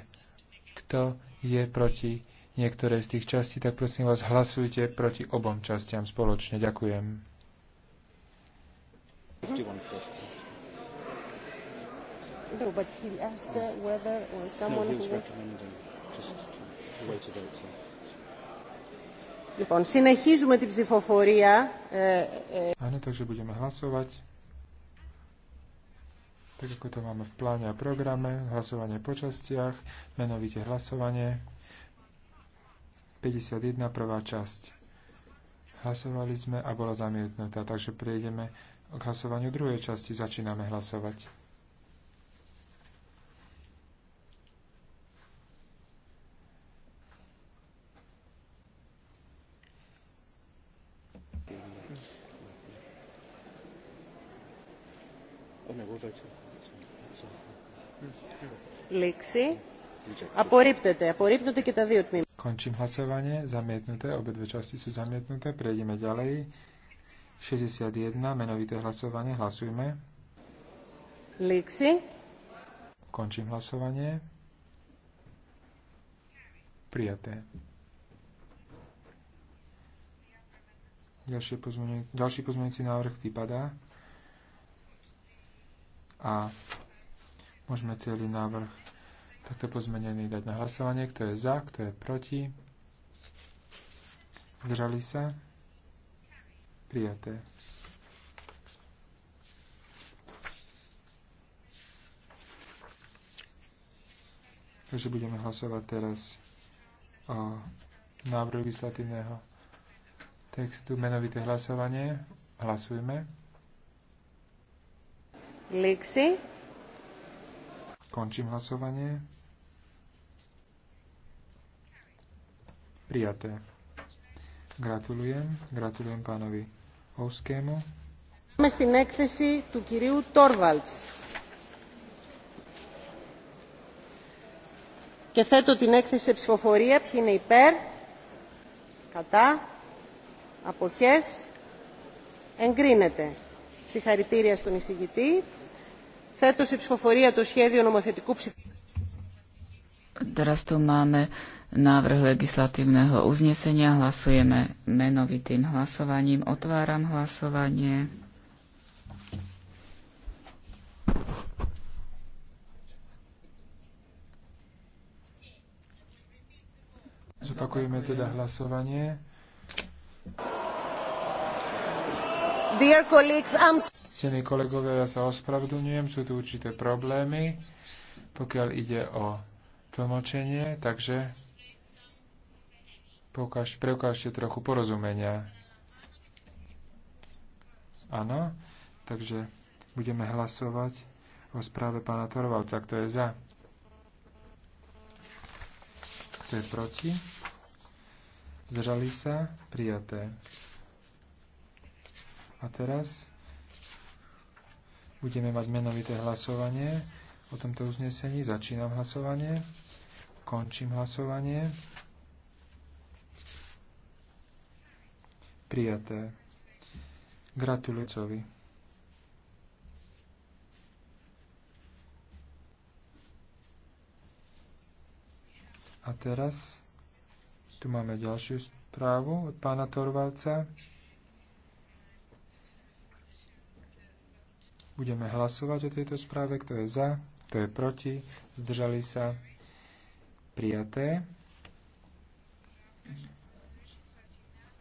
kto je proti niektoré z tých častí, tak prosím vás, hlasujte proti obom častiam spoločne. Ďakujem. Hmm. No, λοιπόν, συνεχίζουμε την ψηφοφορία. Áno, takže budeme hlasovať. Tak ako to máme v pláne a programe, hlasovanie po častiach, menovite hlasovanie. 51, prvá časť. Hlasovali sme a bola zamietnutá, takže prejdeme k hlasovaniu druhej časti. Začíname hlasovať. Λήξη. Απορρίπτεται. Απορρίπτονται και τα δύο τμήματα. Končím hlasovanie. Zamietnuté. Obe dve časti sú zamietnuté. Prejdeme ďalej. 61. Menovité hlasovanie. Hlasujme. Lixi. Končím hlasovanie. Prijaté. Ďalší, pozmeňujúci, ďalší pozmeňujúci návrh vypadá. A môžeme celý návrh takto pozmenený dať na hlasovanie. Kto je za, kto je proti? Zdržali sa? Prijaté. Takže budeme hlasovať teraz o návrhu legislatívneho textu. Menovité hlasovanie. Hlasujme. Lixi. Končím hlasovanie. Prijaté. Gratulujem. Gratulujem pánovi Houskému. Máme στην έκθεση tu κυρίου Torvalds. Και θέτω την έκθεση σε ψηφοφορία. Ποιοι είναι υπέρ, κατά, αποχές, εγκρίνεται. Συγχαρητήρια στον εισηγητή. Θέτω σε ψηφοφορία το σχέδιο νομοθετικού ψηφίου. Teraz tu máme návrh legislatívneho uznesenia. Hlasujeme menovitým hlasovaním. Otváram hlasovanie. Zopakujeme teda hlasovanie. Dear colleagues, I'm... kolegovia, ja sa ospravedlňujem, sú tu určité problémy, pokiaľ ide o tlmočenie, takže poukáž, preukážte trochu porozumenia. Áno, takže budeme hlasovať o správe pána Torvalca. Kto je za? Kto je proti? Zdržali sa? Prijaté. A teraz budeme mať menovité hlasovanie o tomto uznesení. Začínam hlasovanie. Končím hlasovanie. Prijaté. Gratulujovi. A teraz tu máme ďalšiu správu od pána Torvalca. Budeme hlasovať o tejto správe, kto je za. Kto je proti? Zdržali sa? Prijaté.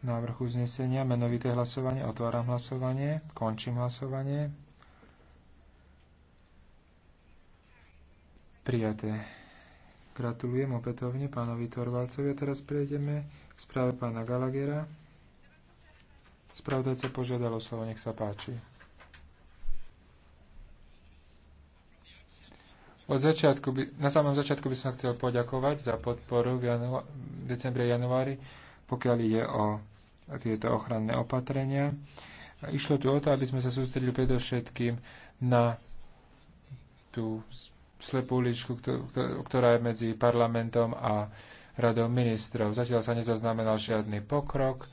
Návrh uznesenia, menovité hlasovanie, otváram hlasovanie, končím hlasovanie. Prijaté. Gratulujem opätovne pánovi Torvalcovi. A teraz prejdeme k správe pána Galagera. Spravodajca požiadalo slovo, nech sa páči. Od začiatku by, na samom začiatku by som chcel poďakovať za podporu v januá- decembri a januári, pokiaľ ide o tieto ochranné opatrenia. Išlo tu o to, aby sme sa sústredili predovšetkým na tú slepú uličku, ktorá je medzi parlamentom a radou ministrov. Zatiaľ sa nezaznamenal žiadny pokrok.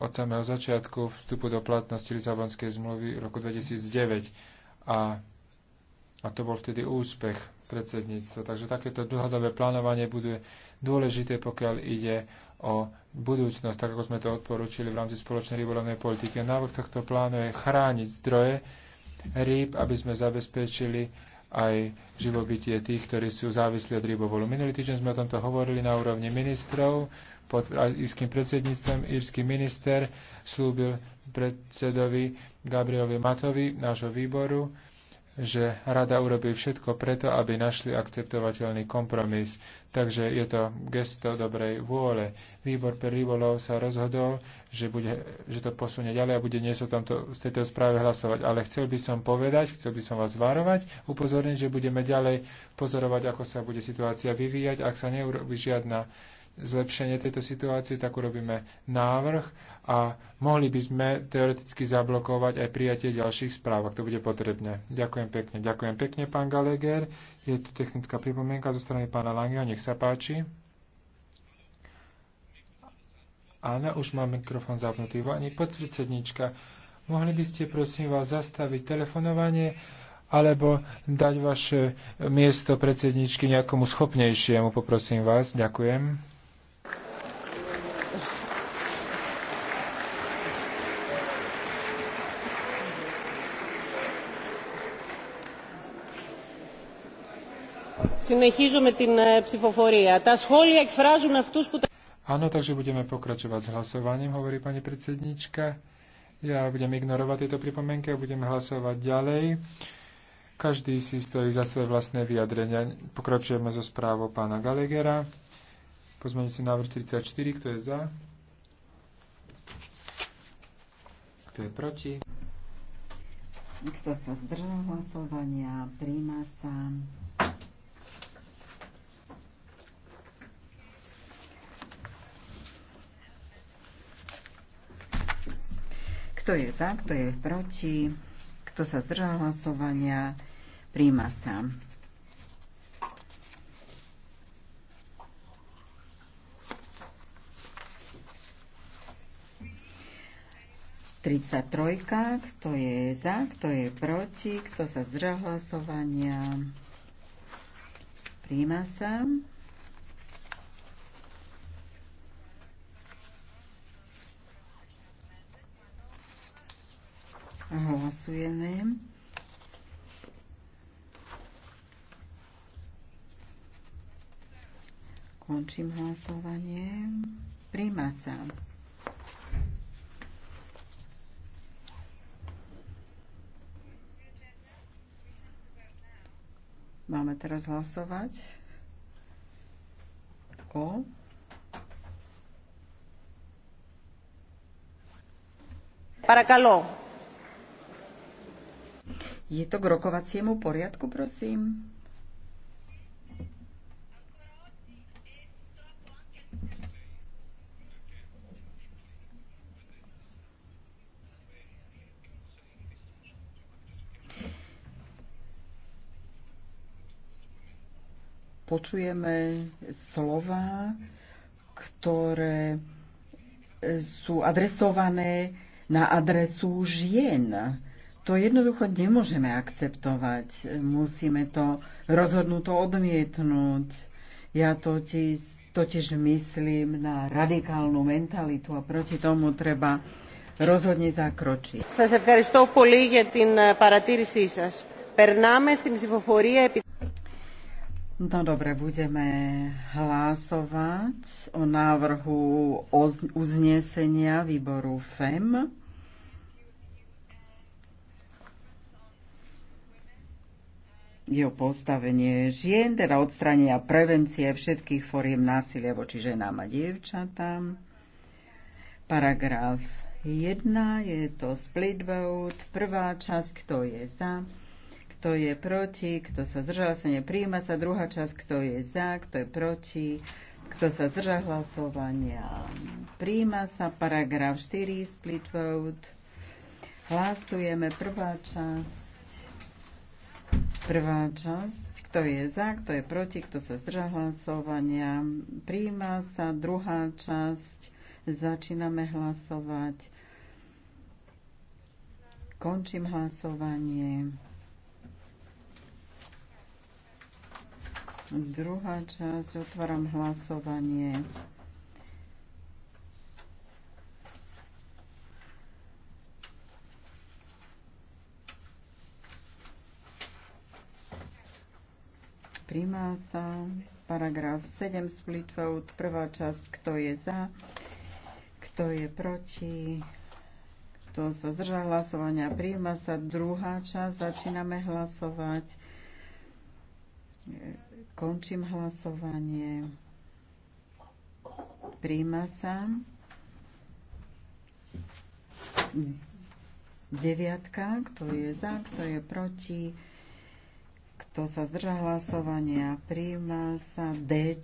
Od samého začiatku vstupu do platnosti Lisabonskej zmluvy v roku 2009 a a to bol vtedy úspech predsedníctva. Takže takéto dlhodobé plánovanie bude dôležité, pokiaľ ide o budúcnosť, tak ako sme to odporúčili v rámci spoločnej rybolovnej politiky. Návrh tohto plánu je chrániť zdroje rýb, aby sme zabezpečili aj živobytie tých, ktorí sú závislí od rybovolu. Minulý týždeň sme o tomto hovorili na úrovni ministrov. Pod írským predsedníctvom írsky minister slúbil predsedovi Gabrielovi Matovi nášho výboru, že rada urobí všetko preto, aby našli akceptovateľný kompromis. Takže je to gesto dobrej vôle. Výbor pre rybolov sa rozhodol, že, bude, že to posunie ďalej a bude dnes o tomto, z tejto správe hlasovať. Ale chcel by som povedať, chcel by som vás varovať, upozorniť, že budeme ďalej pozorovať, ako sa bude situácia vyvíjať, ak sa neurobi žiadna zlepšenie tejto situácie, tak urobíme návrh a mohli by sme teoreticky zablokovať aj prijatie ďalších správ, ak to bude potrebné. Ďakujem pekne. Ďakujem pekne, pán Galeger. Je tu technická pripomienka zo strany pána Langeho, Nech sa páči. Áno, už mám mikrofón zapnutý. Pani podpredsednička, mohli by ste prosím vás zastaviť telefonovanie alebo dať vaše miesto predsedničky nejakomu schopnejšiemu, poprosím vás. Ďakujem. Συνεχίζουμε την ψηφοφορία. Τα σχόλια εκφράζουν αυτούς που... Áno, takže budeme pokračovať s hlasovaním, hovorí pani predsednička. Ja budem ignorovať tieto pripomienky a budem hlasovať ďalej. Každý si stojí za svoje vlastné vyjadrenia. Pokračujeme so správou pána Galegera. si návrh 34, kto je za? Kto je proti? Kto sa zdržal hlasovania, príjma sa. Kto je za, kto je proti, kto sa zdržal hlasovania, príjma sa. trojka, kto je za, kto je proti, kto sa zdržal hlasovania, príjma sa. Hlasujeme. Končím hlasovanie. Príjma sa. Máme teraz hlasovať o Para calor. Je to k rokovaciemu poriadku, prosím? počujeme slova, ktoré sú adresované na adresu žien. To jednoducho nemôžeme akceptovať. Musíme to rozhodnuto odmietnúť. Ja totiž, totiž myslím na radikálnu mentalitu a proti tomu treba rozhodne zakročiť. No dobre, budeme hlasovať o návrhu uznesenia výboru FEM. jeho postavenie žien, teda odstránenia prevencie všetkých foriem násilia voči ženám a dievčatám. Paragraf 1 je to split vote, prvá časť, kto je za, kto je proti, kto sa zdržal sa nepríjima sa, druhá časť, kto je za, kto je proti, kto sa zdržal hlasovania, príjima sa, paragraf 4, split vote, hlasujeme prvá časť, Prvá časť, kto je za, kto je proti, kto sa zdrža hlasovania, príjma sa. Druhá časť, začíname hlasovať. Končím hlasovanie. Druhá časť, otváram hlasovanie. primáta, sa paragraf 7 split vote, prvá časť, kto je za, kto je proti, kto sa zdržal hlasovania. Príjma sa druhá časť, začíname hlasovať. Končím hlasovanie. Príjma sa. Deviatka, kto je za, kto je proti kto sa zdrža hlasovania, príjma sa D,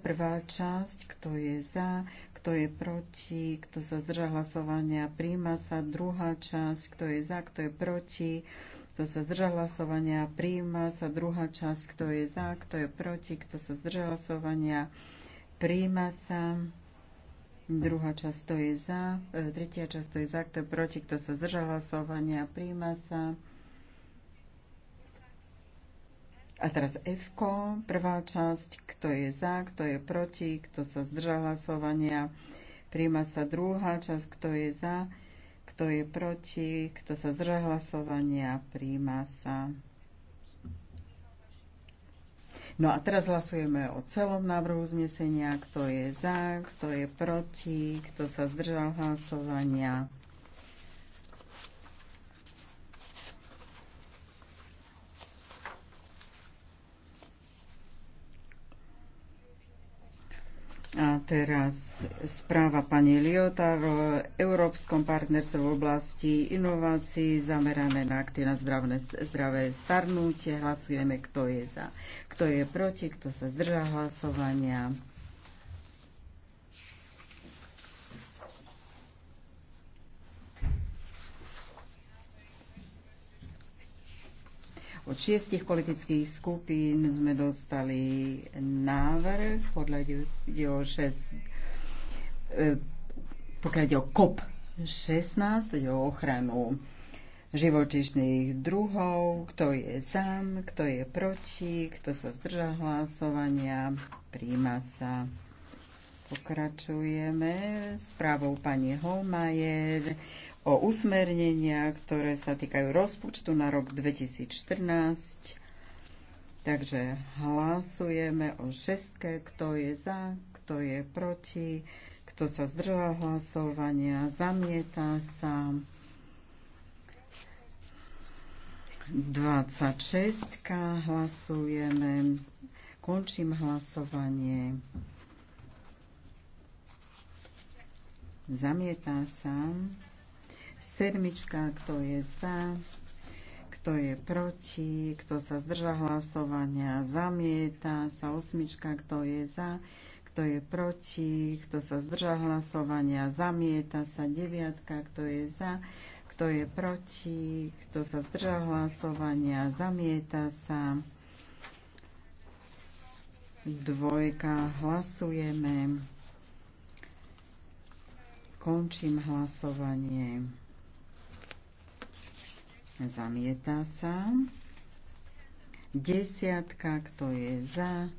prvá časť, kto je za, kto je proti, kto sa zdrža hlasovania, príjma sa druhá časť, kto je za, kto je proti, kto sa zdrža hlasovania, príjma sa druhá časť, kto je za, kto je proti, kto sa zdrža hlasovania, príjma sa druhá časť, kto je za, e, tretia časť, kto je za, kto je proti, kto sa zdrža hlasovania, príjma sa A teraz F, prvá časť, kto je za, kto je proti, kto sa zdržal hlasovania. Príjma sa druhá časť, kto je za, kto je proti, kto sa zdržal hlasovania. Príjma sa. No a teraz hlasujeme o celom návrhu znesenia, kto je za, kto je proti, kto sa zdržal hlasovania. teraz správa pani Liotar o Európskom partnerstve v oblasti inovácií zamerané na akty na zdravné, zdravé starnutie. Hlasujeme, kto je za, kto je proti, kto sa zdrža hlasovania. Od šiestich politických skupín sme dostali návrh, podľa ide o 6, e, pokiaľ ide o COP16, ide o ochranu živočišných druhov, kto je za, kto je proti, kto sa zdrža hlasovania, príjma sa. Pokračujeme správou pani Holmajer o usmernenia, ktoré sa týkajú rozpočtu na rok 2014. Takže hlasujeme o šestke, kto je za, kto je proti, kto sa zdržal hlasovania, zamieta sa. 26 hlasujeme. Končím hlasovanie. Zamietá sa. Sedmička, kto je za, kto je proti, kto sa zdrža hlasovania, zamieta sa. Osmička, kto je za, kto je proti, kto sa zdrža hlasovania, zamieta sa. Deviatka, kto je za, kto je proti, kto sa zdrža hlasovania, zamieta sa. Dvojka, hlasujeme. Končím hlasovanie zamieta sa. Desiatka, kto je za,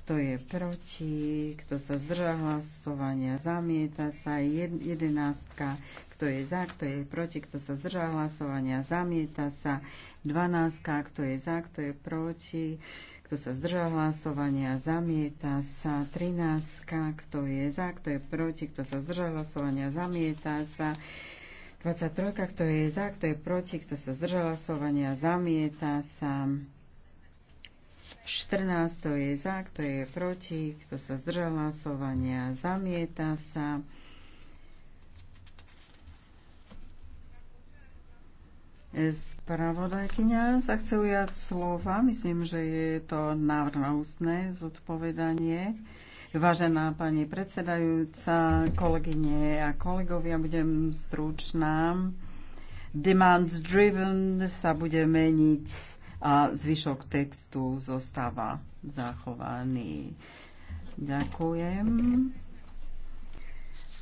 kto je proti, kto sa zdrža hlasovania, zamieta sa. Jedenáctka, kto je za, kto je proti, kto sa zdrža hlasovania, zamieta sa. Dvanáctka, kto je za, kto je proti, kto sa zdrža hlasovania, zamieta sa. Trináctka, kto je za, kto je proti, kto sa zdrža hlasovania, zamieta sa. 13, 23, kto je za, kto je proti, kto sa zdržal hlasovania, zamieta sa. 14, kto je za, kto je proti, kto sa zdržal hlasovania, zamieta sa. Spravodajkyňa sa chce ujať slova. Myslím, že je to návrh na ústne zodpovedanie. Vážená pani predsedajúca, kolegyne a kolegovia, budem stručná. Demand driven sa bude meniť a zvyšok textu zostáva zachovaný. Ďakujem.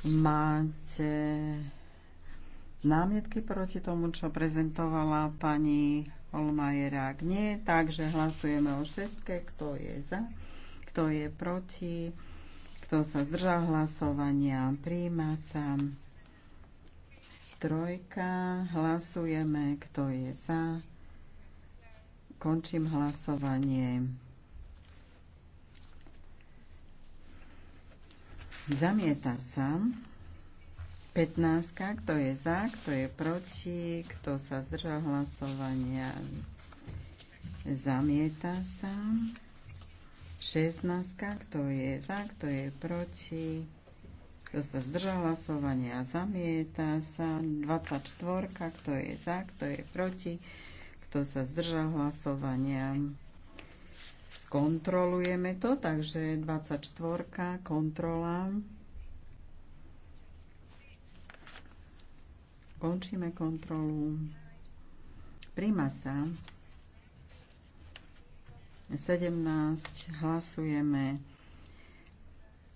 Máte námietky proti tomu, čo prezentovala pani Olmajera? Ak nie, takže hlasujeme o šestke. Kto je za? Kto je proti? Kto sa zdržal hlasovania? Príjma sa. Trojka. Hlasujeme. Kto je za? Končím hlasovanie. Zamieta sa. 15. Kto je za, kto je proti, kto sa zdržal hlasovania, zamieta sa. 16. Kto je za, kto je proti? Kto sa zdržal hlasovania? Zamieta sa. 24. Kto je za, kto je proti? Kto sa zdržal hlasovania? Skontrolujeme to, takže 24. kontrola. Končíme kontrolu. Prima sa. 17. Hlasujeme.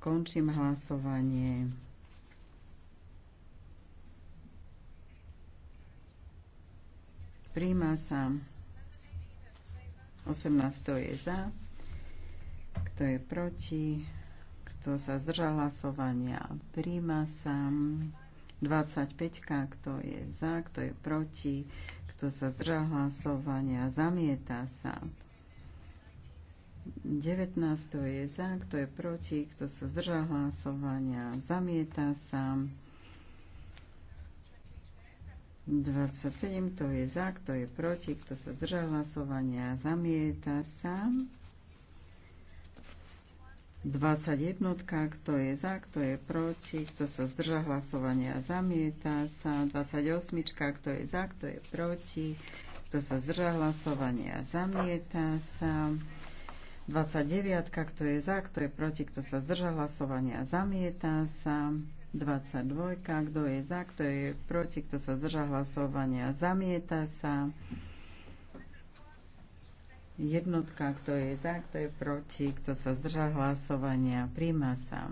Končím hlasovanie. Príjma sa. 18. je za. Kto je proti? Kto sa zdržal hlasovania? Príjma sa. 25. Kto je za? Kto je proti? Kto sa zdržal hlasovania? Zamieta sa. 19, je za, kto je proti, kto sa zdržal hlasovania, zamieta sa. 27, to je za, kto je proti, kto sa zdržal hlasovania, zamieta sa. 21, kto je za, kto je proti, kto sa zdržal hlasovania, zamieta sa. 28, kto je za, kto je proti, kto sa zdržal hlasovania, zamieta sa. 29, kto je za, kto je proti, kto sa zdržal hlasovania, zamieta sa. 22, kto je za, kto je proti, kto sa zdržal hlasovania, zamieta sa. Jednotka, kto je za, kto je proti, kto sa zdržal hlasovania, príjma sa.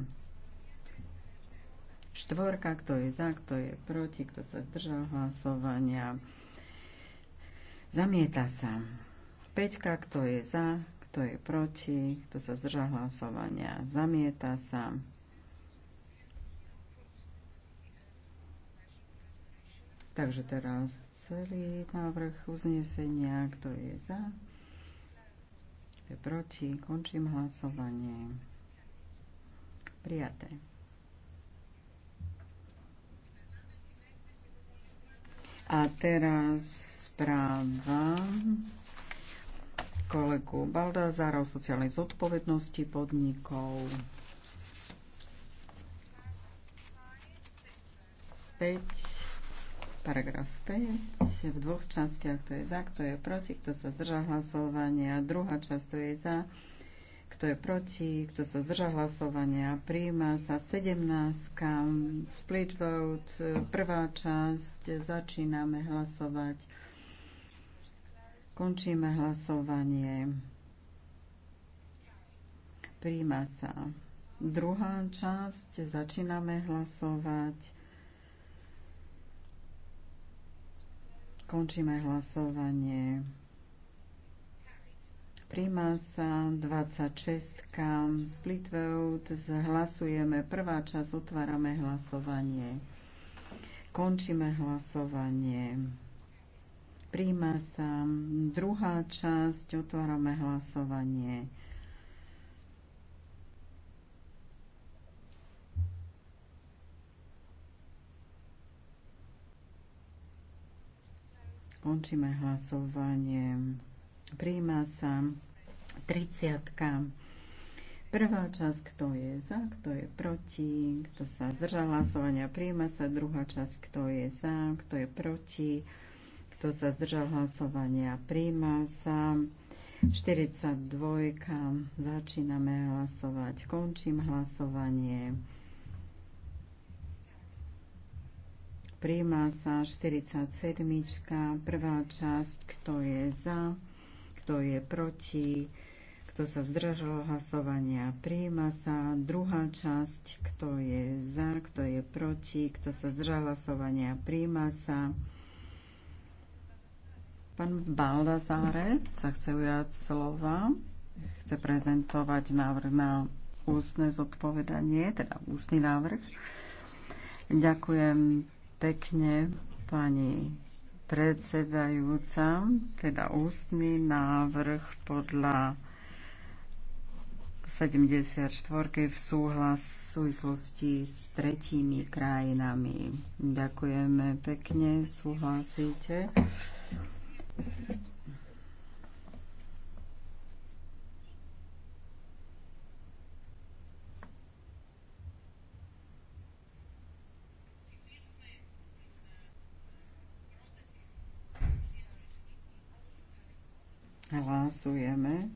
Štvorka, kto je za, kto je proti, kto sa zdržal hlasovania, zamieta sa. Peťka, kto je za, kto je proti, kto sa zdržal hlasovania, zamieta sa. Takže teraz celý návrh uznesenia, kto je za, kto je proti, končím hlasovanie. Prijaté. A teraz správa kolegu Baldázara o sociálnej zodpovednosti podnikov. 5, paragraf 5, v dvoch častiach, to je za, kto je proti, kto sa zdržal hlasovania, druhá časť, to je za, kto je proti, kto sa zdržal hlasovania, príjma sa 17, split vote, prvá časť, začíname hlasovať. Končíme hlasovanie. Príjma sa. Druhá časť. Začíname hlasovať. Končíme hlasovanie. Príjma sa 26. Split vote. Hlasujeme. Prvá časť. Otvárame hlasovanie. Končíme hlasovanie. Príjma sa druhá časť, otvárame hlasovanie. Končíme hlasovanie. Príjma sa 30. Prvá časť, kto je za, kto je proti, kto sa zdržal hlasovania. Príjma sa druhá časť, kto je za, kto je proti kto sa zdržal hlasovania? Príjma sa. 42. Začíname hlasovať. Končím hlasovanie. Príjma sa 47. Prvá časť. Kto je za? Kto je proti? Kto sa zdržal hlasovania, príjma sa. Druhá časť, kto je za, kto je proti, kto sa zdržal hlasovania, príjma sa. Pán Baldazáre sa chce ujať slova, chce prezentovať návrh na ústne zodpovedanie, teda ústny návrh. Ďakujem pekne pani predsedajúca, teda ústny návrh podľa 74 v súhlas v súvislosti s tretími krajinami. Ďakujeme pekne, súhlasíte. Hlasujeme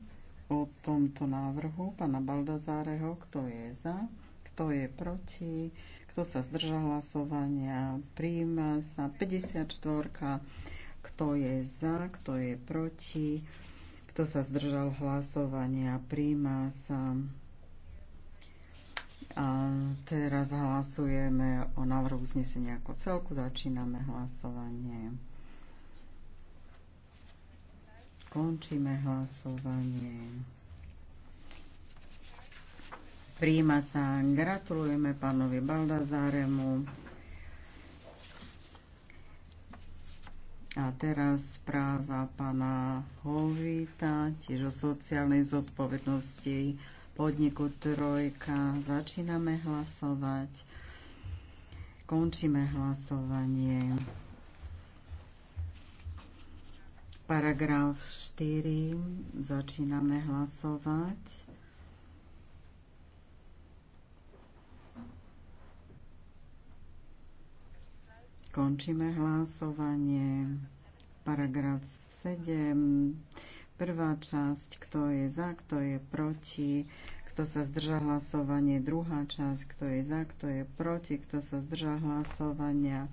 o tomto návrhu pana Baldazáreho, kto je za, kto je proti, kto sa zdržal hlasovania, príjma sa 54. Kto je za, kto je proti, kto sa zdržal hlasovania, príjma sa. A teraz hlasujeme o návrhu uznesenia ako celku. Začíname hlasovanie. Končíme hlasovanie. Príjma sa. Gratulujeme pánovi Baldazáremu. A teraz správa pána Hovita, tiež o sociálnej zodpovednosti podniku Trojka. Začíname hlasovať. Končíme hlasovanie. Paragraf 4. Začíname hlasovať. Končíme hlasovanie. Paragraf 7. Prvá časť, kto je za, kto je proti, kto sa zdrža hlasovanie. Druhá časť, kto je za, kto je proti, kto sa zdrža hlasovania.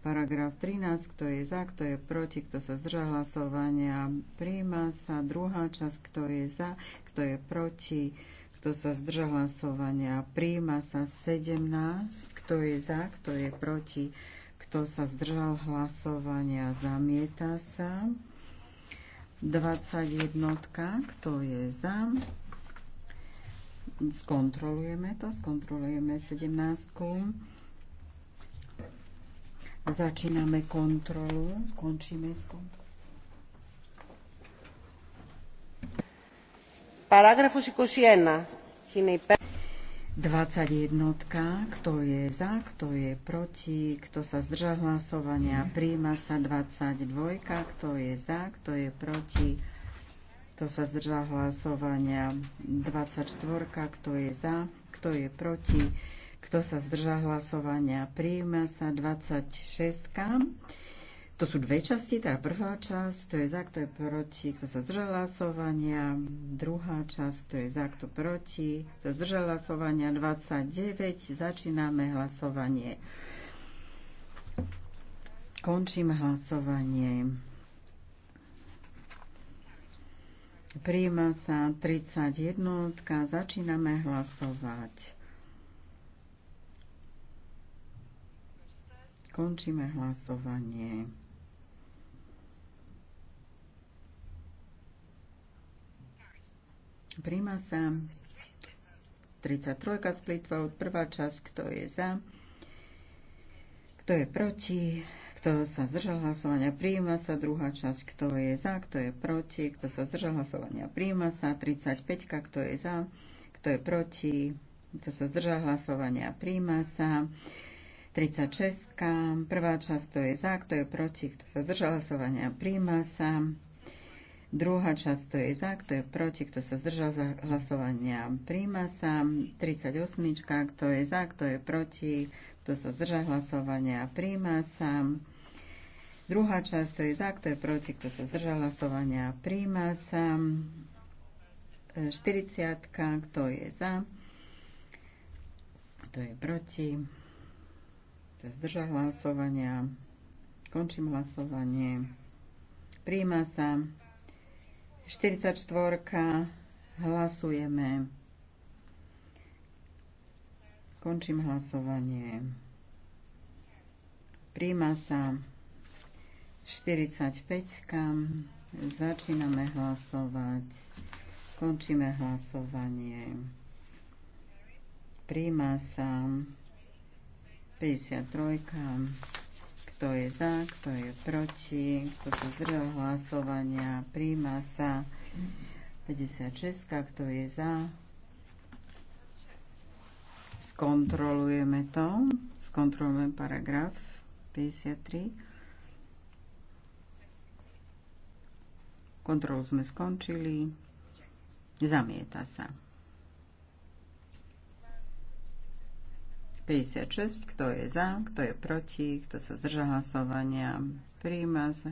Paragraf 13, kto je za, kto je proti, kto sa zdrža hlasovania. Príjma sa druhá časť, kto je za, kto je proti, kto sa zdrža hlasovania. Príjma sa 17, kto je za, kto je proti, kto sa zdržal hlasovania, zamieta sa. 21. Kto je za? Skontrolujeme to. Skontrolujeme 17. Začíname kontrolu. Končíme s kontrolou. Παράγραφος 21. 21, kto je za, kto je proti, kto sa zdržal hlasovania, príjma sa 22, kto je za, kto je proti, kto sa zdržal hlasovania, 24, kto je za, kto je proti, kto sa zdržal hlasovania, príjma sa 26. To sú dve časti, tá prvá časť, to je za, kto je proti, kto sa zdržal hlasovania, druhá časť, kto je za, kto proti, sa zdržal hlasovania, 29, začíname hlasovanie. Končím hlasovanie. Príjma sa 31, začíname hlasovať. Končíme hlasovanie. Príjma sa 33 splitva od prvá časť, kto je za, kto je proti, kto sa zdržal hlasovania, príjma sa druhá časť, kto je za, kto je proti, kto sa zdržal hlasovania, príjma sa 35, kto je za, kto je proti, kto sa zdržal hlasovania, príjma sa 36, prvá časť, kto je za, kto je proti, kto sa zdržal hlasovania, príjma sa Druhá časť, to je za, kto je proti, kto sa zdržal za hlasovania, príjma sa. 38, kto je za, kto je proti, kto sa zdržal hlasovania, príjma sa. Druhá časť, to je za, kto je proti, kto sa zdržal hlasovania, príjma sa. 40, kto je za, kto je proti, kto sa zdržal hlasovania, končím hlasovanie, príjma sa. 44. Hlasujeme. Končím hlasovanie. Príjma sa 45. Začíname hlasovať. Končíme hlasovanie. Príjma sa 53. Kto je za, kto je proti, kto sa zdržal hlasovania, príjma sa. 56, kto je za. Skontrolujeme to. Skontrolujeme paragraf 53. Kontrolu sme skončili. Zamieta sa. 56, kto je za, kto je proti, kto sa zdržal hlasovania, príjma sa.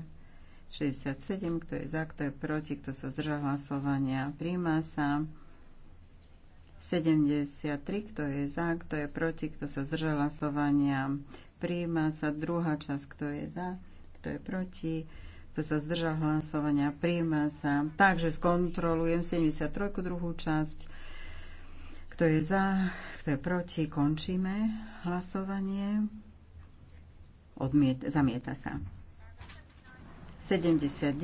67, kto je za, kto je proti, kto sa zdržal hlasovania, príjma sa. 73, kto je za, kto je proti, kto sa zdržal hlasovania, príjma sa. Druhá časť, kto je za, kto je proti, kto sa zdržal hlasovania, príjma sa. Takže skontrolujem 73, druhú časť. Kto je za, kto je proti, končíme hlasovanie. Odmiet, zamieta sa. 79.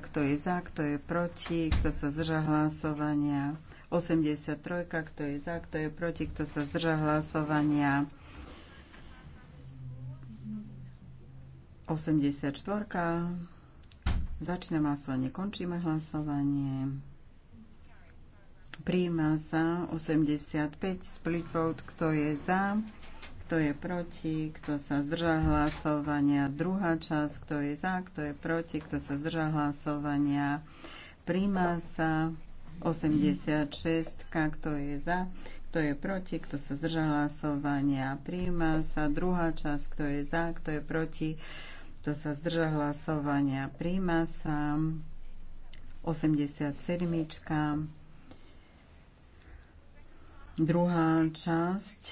Kto je za, kto je proti, kto sa zdrža hlasovania. 83. Kto je za, kto je proti, kto sa zdrža hlasovania. 84. Začneme hlasovanie, končíme hlasovanie. Príjma sa 85 split vote, kto je za, kto je proti, kto sa zdržal hlasovania. Druhá časť, kto je za, kto je proti, kto sa zdržal hlasovania. Príjma sa 86, kto je za, kto je proti, kto sa zdržal hlasovania. Príjma sa druhá časť, kto je za, kto je proti, kto sa zdržal hlasovania. Príjma sa 87. Druhá časť,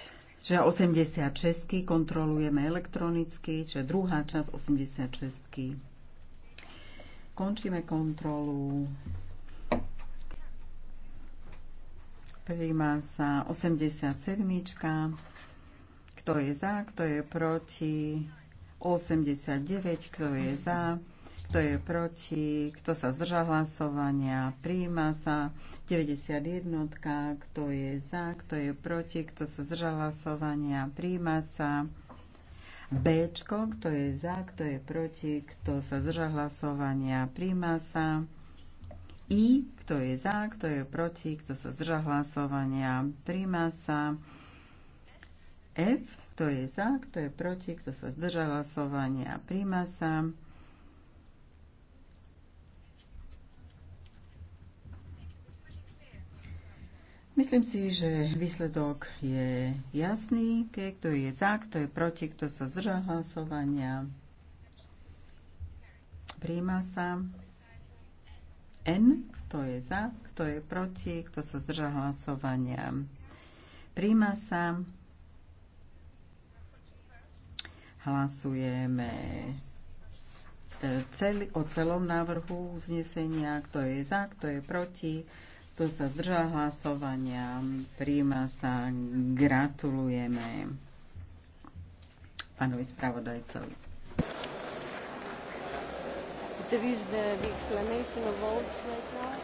čiže 86 kontrolujeme elektronicky, čiže druhá časť 86. -ky. Končíme kontrolu. Príjma sa 87. -čka. Kto je za, kto je proti? 89, kto je za, kto je proti, kto sa zdrža hlasovania, príjma sa 91, kto je za, kto je proti, kto sa zdrža hlasovania, príjma sa B, kto je za, kto je proti, kto sa zdrža hlasovania, príjma sa I, kto je za, kto je proti, kto sa zdrža hlasovania, príjma sa F, kto je za, kto je proti, kto sa zdrža hlasovania, príjma sa Myslím si, že výsledok je jasný, kto je za, kto je proti, kto sa zdržal hlasovania. Príjma sa N, kto je za, kto je proti, kto sa zdržal hlasovania. Príjma sa hlasujeme e, o celom návrhu uznesenia, kto je za, kto je proti, kto sa zdržal hlasovania, príjma sa, gratulujeme pánovi spravodajcovi. There is the, the explanation of votes right now.